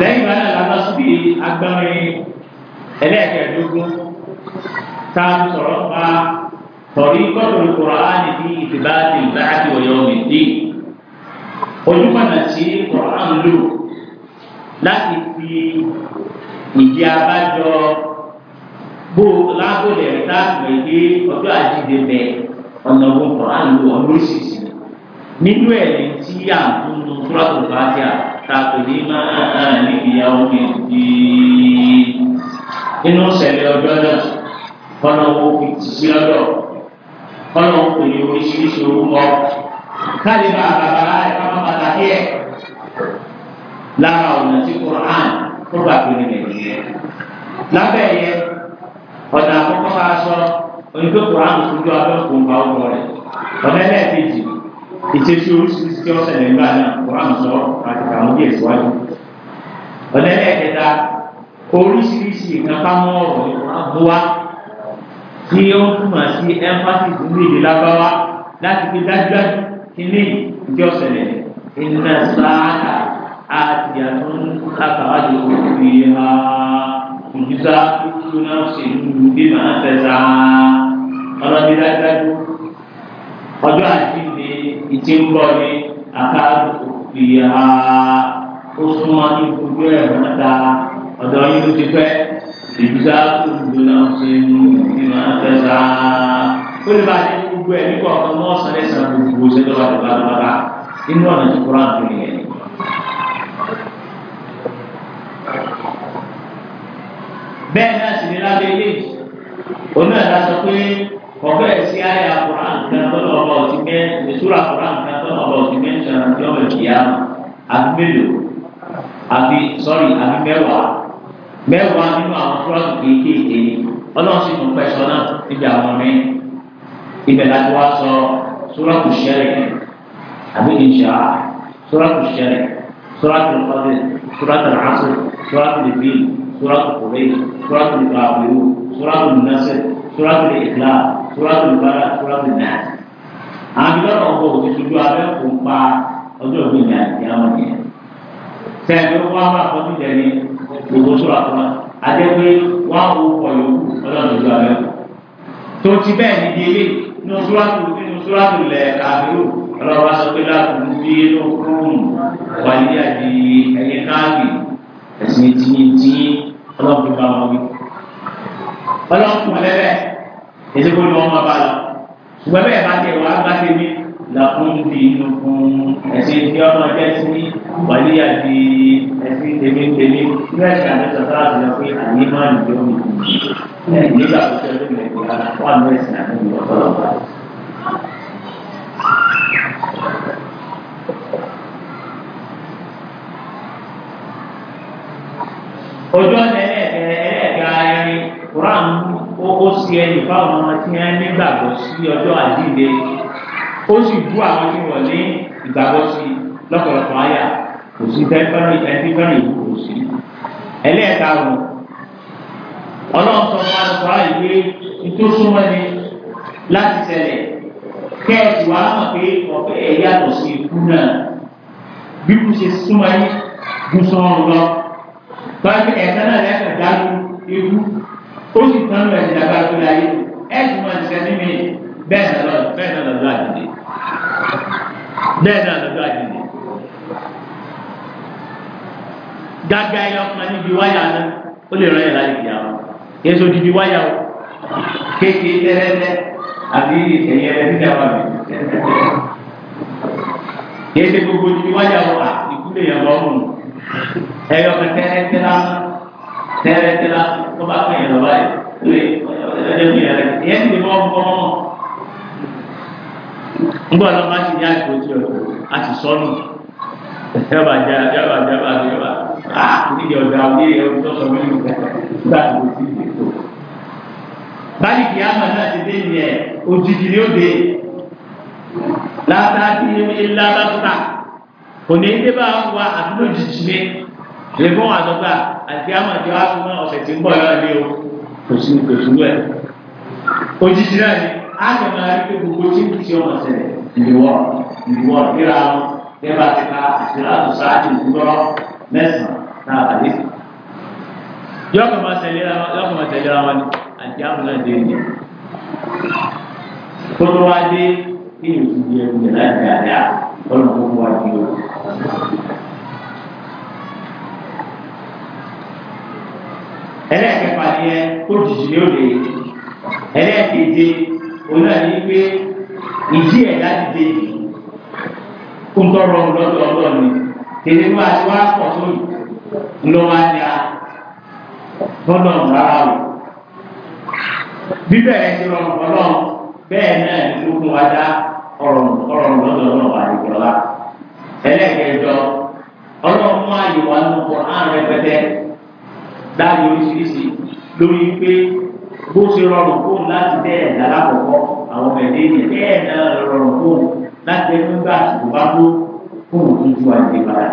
[SPEAKER 2] lẹ́yìn náà làwọn sùn bíi
[SPEAKER 1] agbárin ẹlẹ́ẹ̀kẹ́ẹ̀dógún tá a طريقة القرآن في kọ́tùn kùránì ní ìtìbáàtì ìbáàtì ọ̀yọ́ mìtì ojúmọ̀nà tí kùránì lò láti fi ìdí abájọ bó lágbóde ẹ̀ta pèké ọjọ́ àjíde bẹ̀ ọ̀nà ogun kùránì lò ọdún nínú ẹ̀ tí à ń tún nu kúrọ́tù fàájà tàbí ní máa ní ìyàwó mi dìí nínú sẹ̀lẹ̀ ọjọ́ náà kọ́nà owó fi ti sí lọ́dọ̀ kọ́nà òkè ní oríṣiríṣi orúkọ kálíbà bàbá ẹ̀ka pàtàkì ẹ̀ lára ọ̀nà tí Qur'an tó gbà pé ní Nàìjíríà lábẹ́ yẹ ọ̀nà àkọ́kọ́ bá a sọ onígbé Qur'an tó jọ abẹ́kùn bá ọkọ rẹ̀ ọ̀nà ẹlẹ́ẹ̀kejì ìtẹ̀sí oríṣiríṣi ọ̀sẹ̀ nígbà náà Qur'an sọ àti kàmú díẹ̀ síwájú ọ̀nà ẹlẹ́ẹ̀kẹta oríṣiríṣi ìkàkámọ́ ọ̀rọ̀ ìwà tí ó ń túmọ̀ sí emphasis ní èdè lábáwá láti fi dájúdájú kíní ìjọ ṣẹlẹ̀ iná sáàkà àti àtún àtàwájú òkúri ha òjútà tó náà ṣe lùlù bí màá tẹ̀sà ọlọ́dún dájúdájú ọjọ́ àjíǹde ìtí ń bọ̀ ní àkáàdù òkúri ha ó súnmọ́ ní gbogbo ẹ̀rọ náà ọ̀dọ̀ yín ló ti pẹ́ ìgbésà olùdó náà ṣe ń nínú afẹ́sà ó lè bá a ṣe gbogbo ẹ̀ nípa ọ̀kan mọ́ ọ̀sán lẹ́sàn gbogbo ṣẹ́jọ́ bá dọ̀bá dọ̀bá inú ọ̀nà tó kúrò àǹtó nìyẹn. bẹ́ẹ̀ náà sì ni lábẹ́ ilé oní ẹ̀dá sọ pé ọ̀bẹ sí àyà Quran kan tọ́lọ̀ ọba ọ̀tí mẹ́ ìṣúra Quran kan tọ́lọ̀ ọba ọ̀tí mẹ́ ìṣàlàyé ọmọ ìkìyà àbí mélòó àbí sọ́rí àbí mẹ́wàá mẹ́wàá nínú àwọn fúlọ́ọ̀tù kéékèèké ni ọlọ́run sì tún pẹ̀sọ́ náà níbi àwọn mi ibẹ̀ láti wá sọ sóràkù ṣẹlẹ̀ àbí ìṣá sóràkù ṣẹlẹ̀ sóràkù ọ̀dẹ sóràkù àṣẹ sóràkù lèbi sóràkù kòrè sóràkù ìgbàwéwò sóràkù nùnásẹ̀ sóràkù ìgbà sóràkù ìgbàlá sóràkù náà. àbí lọ́nà ọkọ̀ òṣìṣojú abẹ́ kò ń pa ọjọ́ ìgbìyànjú àwọn yẹn. sẹ́ẹ̀dì ó wá wà fọ́tí jẹ ní gbogbo sọ̀rọ̀ àtúmọ̀ adẹ́gbé wà ó pọ̀lú ọlọ́run ìjọ abẹ́ tó ti bẹ́ẹ̀ ní di ilé ní oṣooṣù nínú oṣooṣù lẹ̀ àbúrò ọlọ́run wa sọ pé láàbùrú bí inú kúrúmù wà ní àdí ẹ̀yẹ káàbì ẹ̀sìn tìǹtì ọlọ́run bá wọn wí. ọlọ́run kùn lẹ́lẹ̀ èdè kó ni bá lọ ṣùgbọ́n bẹ́ẹ̀ bá tẹ̀ wọ́n bá tẹ̀ mí lakun di nukun ẹsẹ tí ọmọ jẹ sí wàlí àti ẹsẹ tèmítèmí ní ẹsẹ àtẹsọ tó àti lọ pé àní máa ń jẹun ní nígbà tó ṣe lórí ẹgbẹ́ ara wà ní ẹsẹ àti ìwọsọlọpà. ojú ọ̀nà ẹlẹ́ẹ̀kẹ́ ẹlẹ́ẹ̀kẹ́ ayé kúrò àwọn ó sí ẹni fáwọn ọmọ tí wọ́n nígbàgbọ́ sí ọjọ́ àdídé ó sì bú àwọn tí wọ́n ní ìgbàgbọ́ sí lọ́pọ̀lọpọ̀ àyà kò sí fẹ́ẹ́fẹ́rẹ́ ìfẹ́ẹ́fẹ́rẹ́ ìlú kò sí. ẹlẹ́ẹ̀karùn-ún ọlọ́run sọ fún àlùkò àyè pé ìtòsúnmọ́ ni láti ṣẹlẹ̀ kẹ́ẹ̀tì wàá mọ̀ pé ọ̀fẹ́ ẹ̀yà lọ sí ikú náà bí kò ṣe súnmọ́ yín ju sọ́ọ̀rùn lọ tọ́jú ẹ̀ka náà lẹ́kọ̀ọ́ dájú ewu ó sì tán lọ ẹ̀sìn àgbàdo láyé ẹ̀sìn máa ń ṣẹ́ níbi bẹ́ẹ̀ náà lọ́dọ̀ bẹ́ẹ̀ náà lọ́dọ̀ àjèjì bẹ́ẹ̀ náà lọ́dọ̀ àjèjì gàgà ẹyọ kan níbi wáyà náà ó lè rán yẹn láti fi àwọn kìí so níbi wáyà o kéèké tẹ́lẹ́tẹ́ àbí ẹ̀yẹ níbi a àmì kìí ṣe gbogbo níbi wáyà o à ìkúlẹ̀ yẹn lọ́rùn ẹyọ kan tẹ́lẹ́tẹ́ lánàá tẹ́lẹ́tẹ́ lánàá tó bá pẹ̀yẹ̀ lọ́wọ́ yẹn lóye ti mọ́ ọmọ ńgbà náà má sì ní àìkò tí ọ̀dọ̀ a sì sọ́nù yàbà jà yàbà jà bá mi yàbà á nídìí ọ̀dọ̀ àwọn ilé ẹ̀rọ tó sọ mí nígbà nígbà tó ti lè tó. báyìí kìí àmà náà ti dé ìyẹn òjijì ni ó dé látàkì ńlá bá tó ta kò ní dé bá wa àdúgbò jìjì lẹ́gbọ́n wa àti àmà tí ọ̀sẹ̀ tí ń bọ̀ yọ̀ ọ́ o kò sí kò sí wẹ̀ náà ni á lè máa rí pé gbogbo tí kò tí ọmọ ṣẹlẹ̀ ìdíwọ́ ìdíwọ́ ìra wọn bẹ́ẹ̀ bá ti ka ìṣẹ̀lẹ̀ àtúnṣáájú ìdúró mẹ́sàn-án náà àbí. yọkọ̀ máa tẹ̀lé ra wọn yọkọ̀ máa tẹ̀lé ra wọn ni àti àwọn náà dé ní. kótó wá dé kí ni òtún di ẹgbẹ́ láti àdá ọ̀nà kókó wá dé o. ẹlẹ́ẹ̀kẹfà ni kó jìjì ní òde ẹlẹ́ẹ̀keje òun náà ní pé ìdí ẹ̀dá dìde kó tọrọ lọ́dọ̀ ọlọ́run ni tèmi bá a ti wá pọ̀ tó lọ́wọ́ á ní a lọ́dọ̀ rárá o bíbẹ̀ ẹ̀ ti rọrùn ọlọ́run bẹ́ẹ̀ náà ní kó kún wa dá ọ̀rọ̀ ọ̀rọ̀ lọ́dọ̀ ọlọ́run àdìgbọ́lá ẹlẹ́gẹ̀ẹ́jọ ọlọ́run mú àyè wa nù kọ́ àrùn rẹpẹtẹ dáàbò oríṣiríṣi lórí pé bó ṣe rọrùn fóun láti bẹ́ẹ̀ lálàkọ̀kọ́ àwọn ọmọ ẹ̀dẹ́ yẹn bẹ́ẹ̀ náà rọrùn fóun láti ẹnu gbà tó bá tó fóun dúdú àti padà.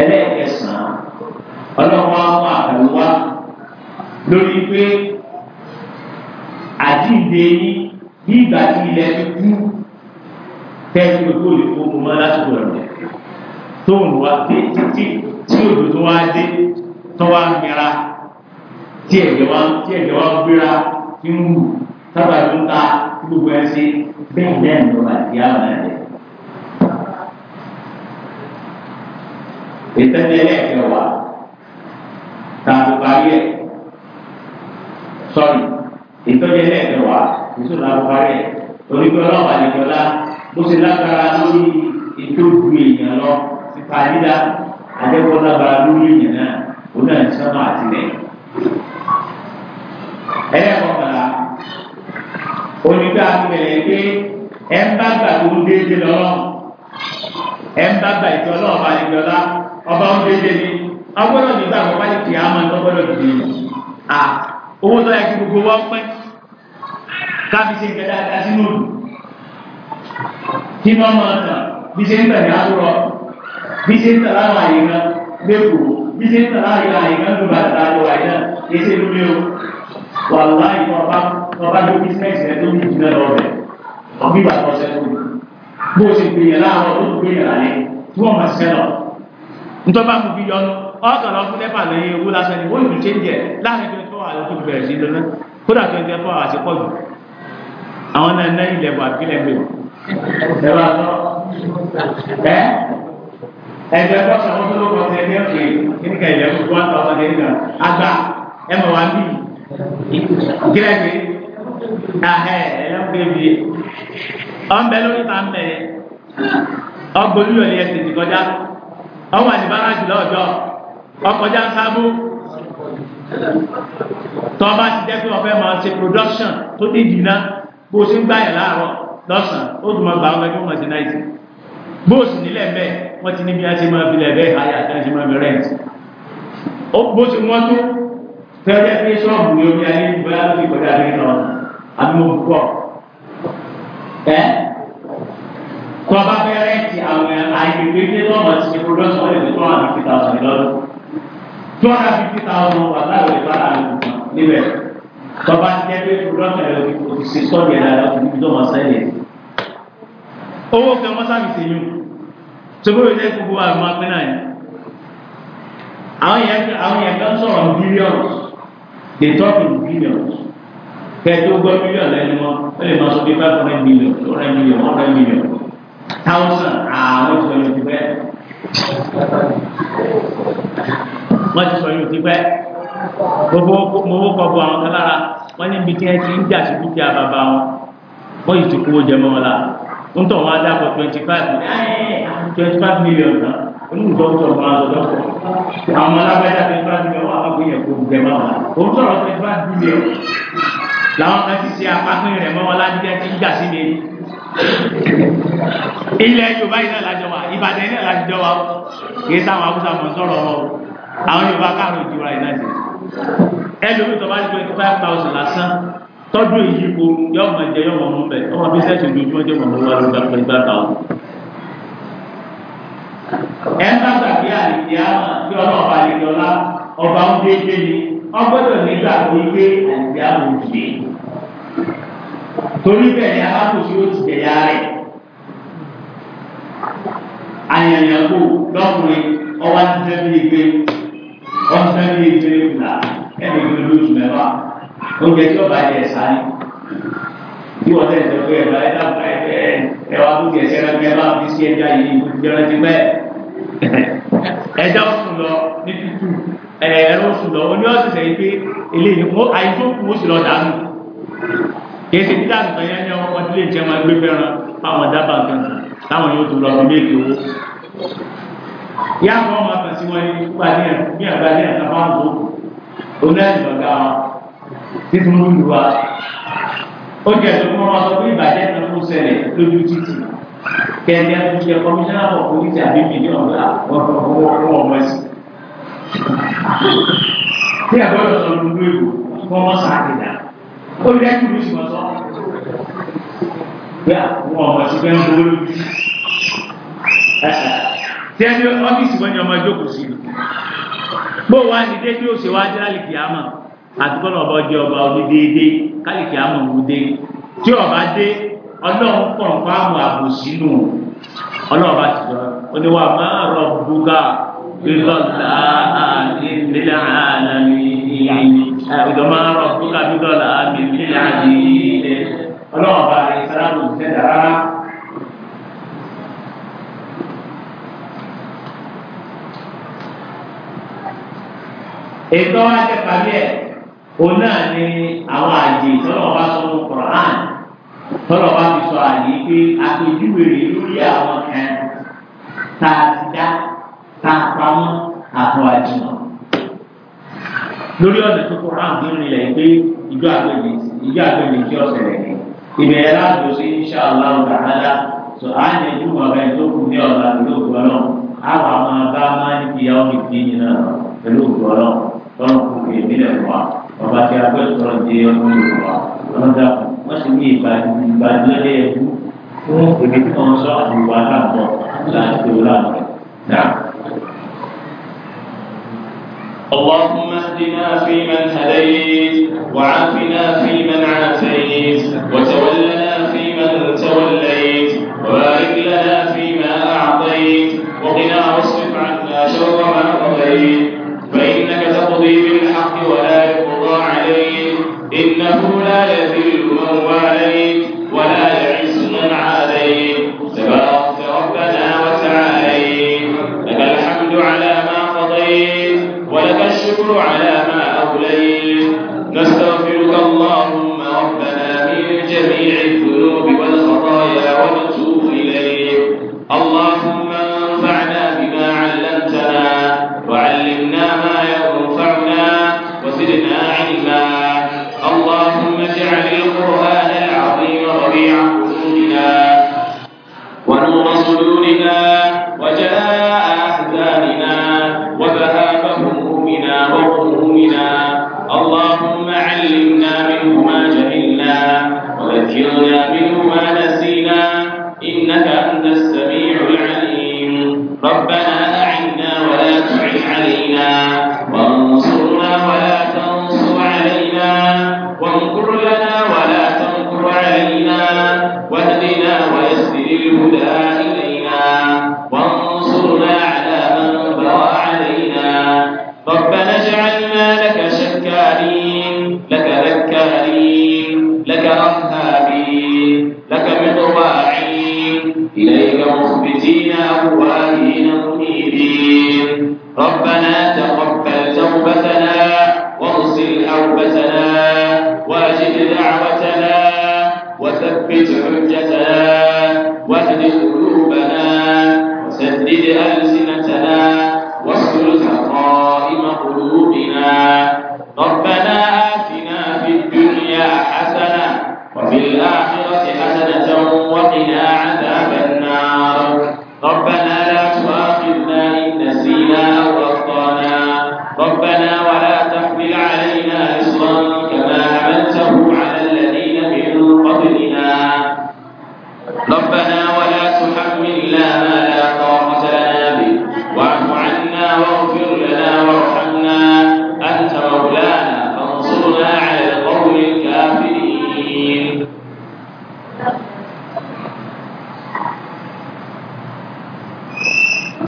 [SPEAKER 1] ẹlẹ́ẹ̀kẹsàn-án ọlọ́wọ́ àwọn àbẹ̀wá lórí pé àjíǹde yín ní ìgbà tí ilẹ̀ ti kú tẹ́sí ojú òde gbogbo mọ́ lásìkò rẹ̀ tóun wá dé títí tí òdòdó wá dé tó wá mìíràn tí ẹ̀jẹ̀ wa tí ẹ̀jẹ̀ wa gbéra tí ń wù sábà tó ń ta tí gbogbo ẹ̀ ṣe bẹ́ẹ̀ bẹ́ẹ̀ lọ àti àwọn ẹ̀jẹ̀. ìtẹ́jẹ́ ẹlẹ́ẹ̀kẹwàá tàbí parí ẹ̀ sọ́ọ̀rì ìtọ́jẹ́ ẹlẹ́ẹ̀kẹwàá ìṣòro àti parí ẹ̀ torí pé ọlọ́ọ̀bà nìjọba bó ṣe lágbára lórí ètò ìlú èèyàn lọ síta dídá àjẹkọ̀ọ́ lágbára lórí èèyàn náà ó náà ń sọ́nà àtìlẹ́yìn ẹlẹ́kọ̀ọ́kànlá onígbà bẹ̀rẹ̀ pé ẹ ń bá gbà tó ń déédé lọ́wọ́ ẹ ń bá gbà ìjọ náà bá lè jọlá ọba ń déédé ni agbọ́dọ̀ nígbà wọn bá lè kí á máa lọ́gbọ́dọ̀ dìde ni à owó tó yẹ kí gbogbo wọn pẹ́ kábi ṣe ìgbẹ́ dáadáa sínú òdù kí wọ́n máa tàn bí ṣe ń tẹ̀lé àbúrò bí ṣe ń tẹ̀lé àwọn àyè náà lẹ́kọ̀ọ́ bí ṣe ń tẹ̀lé àyè náà lùbàdàn àlọ́ àyè náà kì í ṣe lórí o wà láì tọ́ba tọ́ba ní bísíǹsì rẹ tó ní jù lọ rẹ ọ̀gbìn bàtà ọ̀sẹ̀ tó
[SPEAKER 2] bó o sì gbìyànjú láàárọ̀ tó gbìyànjú lálẹ́ tí wọ́n máa ṣiṣẹ́ lọ.
[SPEAKER 1] ntọ́ba kò fi yọnu ọ̀kan lọ fún lẹ́fà lẹ́yìn owó lásán ni wọ́n yóò ṣe ń jẹ láàrin twenty four hours tó bẹ̀rẹ̀ sí lọ́nà kódà twenty four hours pọ̀ jù àwọn náà náà ilẹ̀ wà bí lẹ́gbẹ̀ẹ́ ẹ bá lọ ẹ ẹgbẹ́ bọ́sà wọn tó ló kọ́ sí ẹgbẹ́ òkè kíníkà ilẹ̀ fún one thousand naira àgbà ẹ mọ̀ wá bíi kílẹ̀ pé ahẹ́ ẹ̀yọ́ pé bi ọ̀nbẹ lórí ta mbẹ ọgbọ̀lú yọ̀lì ẹsẹ̀ ti kọjá ọwọ́ àdìbára jùlọ ọjọ́ ọkọjá sábó tọ́ba ti jẹ́ pé ọ̀fẹ́ máa ṣe production tó dé dìínà bó o ṣe ń gbáyà láàárọ̀ lọ́sàn-án ó tún máa gba ọmọ ẹgbẹ́ wọn ti náà ìsìn bóòsì nílẹ̀ mẹ́ wọ́n ti ní bí a ṣe máa fi lẹ̀ bẹ́ẹ̀ àyà àti a ṣe máa fi rẹ́ǹtì bóòsì tẹ́lẹ̀ pé sọ́ọ̀bù ni omi ayé ìgbà lórí ìkọjá ní ìlọ àmì òkúkọ. ẹ tọ́ba bẹ̀rẹ̀ ti àwọn àyè gbégbé lọ́mọ ti ṣe production ọ̀rẹ́ mi tó wà ní fifty thousand lọ́dún. tó wà ní fifty thousand wà láwọ̀ ìgbà láàrin ìgbà níbẹ̀. tọ́ba ti jẹ́ pé production ẹ̀rọ ti ṣe sọ́ọ̀bù ẹ̀rọ ẹ̀rọ ti tó wọ́n sẹ́yìn. owó fẹ́ wọ́n sábì ṣe yún. ṣùgbọ́n àwọn yẹn kan sọ̀rọ̀ bílíọ̀nù they talk in millions. kẹjọ gbọ́ mílíọ̀n lẹ́nu wọn ó lè máa sọ pé five hundred million two hundred million one hundred million thousand àwọn ah, ti sọ yóò ti pẹ́ wọ́n ti sọ yóò ti pẹ́ gbogbo mowó kọ́ bu àwọn kan lára wọ́n ní ibi tí ẹ ti ń jà sí dúkìá bàbá wọn wọ́n yìí ti kówó jẹ mọ́ wọn la ń tọ̀ wọn á dàpọ̀ twenty five twenty five million náà onígbọ̀ntọ̀ máa lọ lọ́pọ̀ àwọn alágbájá ti bá dìbẹ̀ wà á gbéyẹ̀ kó gbẹ mọ́ wọn òun sọ̀rọ̀ ti bá dìbẹ̀ làwọn kan ti ṣe apákùn rẹ̀ mọ́ wọn ládìbẹ̀ ti ń jà sí mi ilẹ̀ Yorùbá yìí náà lájọ wa Ìbàdàn yìí náà lájọ wa kì í sáwọn Haúsá mọ̀ sọ̀rọ̀ wọn àwọn Yorùbá káàrọ̀ ìjọba yìí náà ti ẹlòmíì tó bá ti twenty five thousand lásán tọ́jú ìyípo yọ̀ọ̀mọ̀ jẹ yọ̀ọ̀mọ̀ mú bẹ̀ ọmọ bísẹ̀sì ojoojúmọ́ jẹ́ mọ̀ mọ́ wá lóga twenty five thousand ẹ sábà bí àlejò àmà tí ọlọ́ọ̀bà àlejò ọlá ọba ń déédé ni wọ́n gbọ́dọ̀ nígbà tó gbé àlejò àmà òjì torí bẹ́ẹ̀ ni alákòóso yóò ti tẹ̀lé ara rẹ̀ ayẹyẹkó lọkùnrin ọba ń tẹ́ bí igbe ọba ń ńlá ẹni ìgbẹ́ lóṣù mẹ́fà oúnjẹ tí ọba yẹ ẹ̀ bí wọ́n tẹ̀sán pé ẹ̀rọ ẹ̀dá ẹ̀fẹ́ ẹ̀wà tó kẹ̀ sẹ́rẹ̀ pé ẹ̀bá fi sí ẹja yìí ìjọba ti pẹ́ ẹja sùn lọ ní tútù ẹ̀rọ sùn lọ oní ọ̀sẹ̀sẹ̀ yìí pé eléyìí wọ́n àìjó kù ó sì lọ dànù kìí ṣe dídá nǹkan yẹn ní ọmọ ilé ìjẹun máa gbé fẹ́ràn fáwọn dábàá nǹkan táwọn yóò tó lọ fi méèkì owó yá àwọn ọmọ kan sí wọn ní kúpa ní ẹ̀ ní àgbà ní àtàwọn òkú oní ẹ̀sìn ọ̀gá wọn títún lùlù wa ó jẹ́ tó kọ́ máa sọ pé ìbàjẹ́ kan ló ṣẹlẹ̀ lójú títì kẹ́ni ẹni jẹ kọmíṣánná pọ̀ polisi àbí mílíọ̀nù la wọ́n ọmọ ẹ̀sìn. bí àgbọ̀dọ̀ sọ lóru èlò wọ́n mọ̀ sáàkìdá ó jẹ́ kí lóṣù wọn sọ bí àwọn ọmọ ẹ̀sìn fẹ́ ń gbowó lójú tí ẹni ọ́fíìsì wọn ni ọmọ ìjókòó sí i bó wá ní dédé òṣèwájú àlìkìyàmọ̀ àtúkọ́ náà ọba ọjọ́ ọba onídéédéé kálíkì àmọ̀ wò dé tí ọba dé ọlọ́run kàn fún àmọ̀ àbòsí nù ọlọ́run bá ti sọ oníwà máa rọ búgà bíbọ̀lá nílẹ̀ àlàmì ọjọ́ máa rọ búgà bíbọ̀lá nílẹ̀ àlàmì ọlọ́run bá rẹ̀ sálámù sẹ́dá rárá. ètò ajẹ́pàdé ẹ̀ òun náà ni àwọn àjè tọ́lọ̀ bá sọ fún Quran tọ́lọ̀ bá fi sọ àyè pé àpèjúwe rè lórí àwọn kan tá a ti dá tá a pamọ́ àpò àjùmọ̀ lórí ọ̀nà tó Quran ń rìnlẹ̀ pé ìjọ àgbègbè ìjọ àgbègbè kí ọ̀sẹ̀ rẹ̀ ni ìbẹ̀rẹ̀ láti ṣe iṣẹ́ ọ̀làwọ̀ dáadáa tó a ń yẹ júmọ̀ bẹ́ẹ̀ tó kù ní ọ̀la pẹ̀lú ògbọ́n náà àwọn àmọ́ bá máa ń fi ìyá omi kì yìí náà pẹ̀lú ògbọ́n náà lọ́nà kò kì í ọba tí a gbé sọ̀rọ̀ di ọmọ yorùbá ọlọ́dà wọ́n sì ní ìbàdílẹ̀ ẹ̀kú fún èmi tí wọ́n sọ àdúgbò aláàbọ̀ láti láàbọ̀ náà. اللهم اهدنا فيمن هديت وعافنا فيمن عافيت وتولنا فيمن توليت وبارك لنا فيما اعطيت وقنا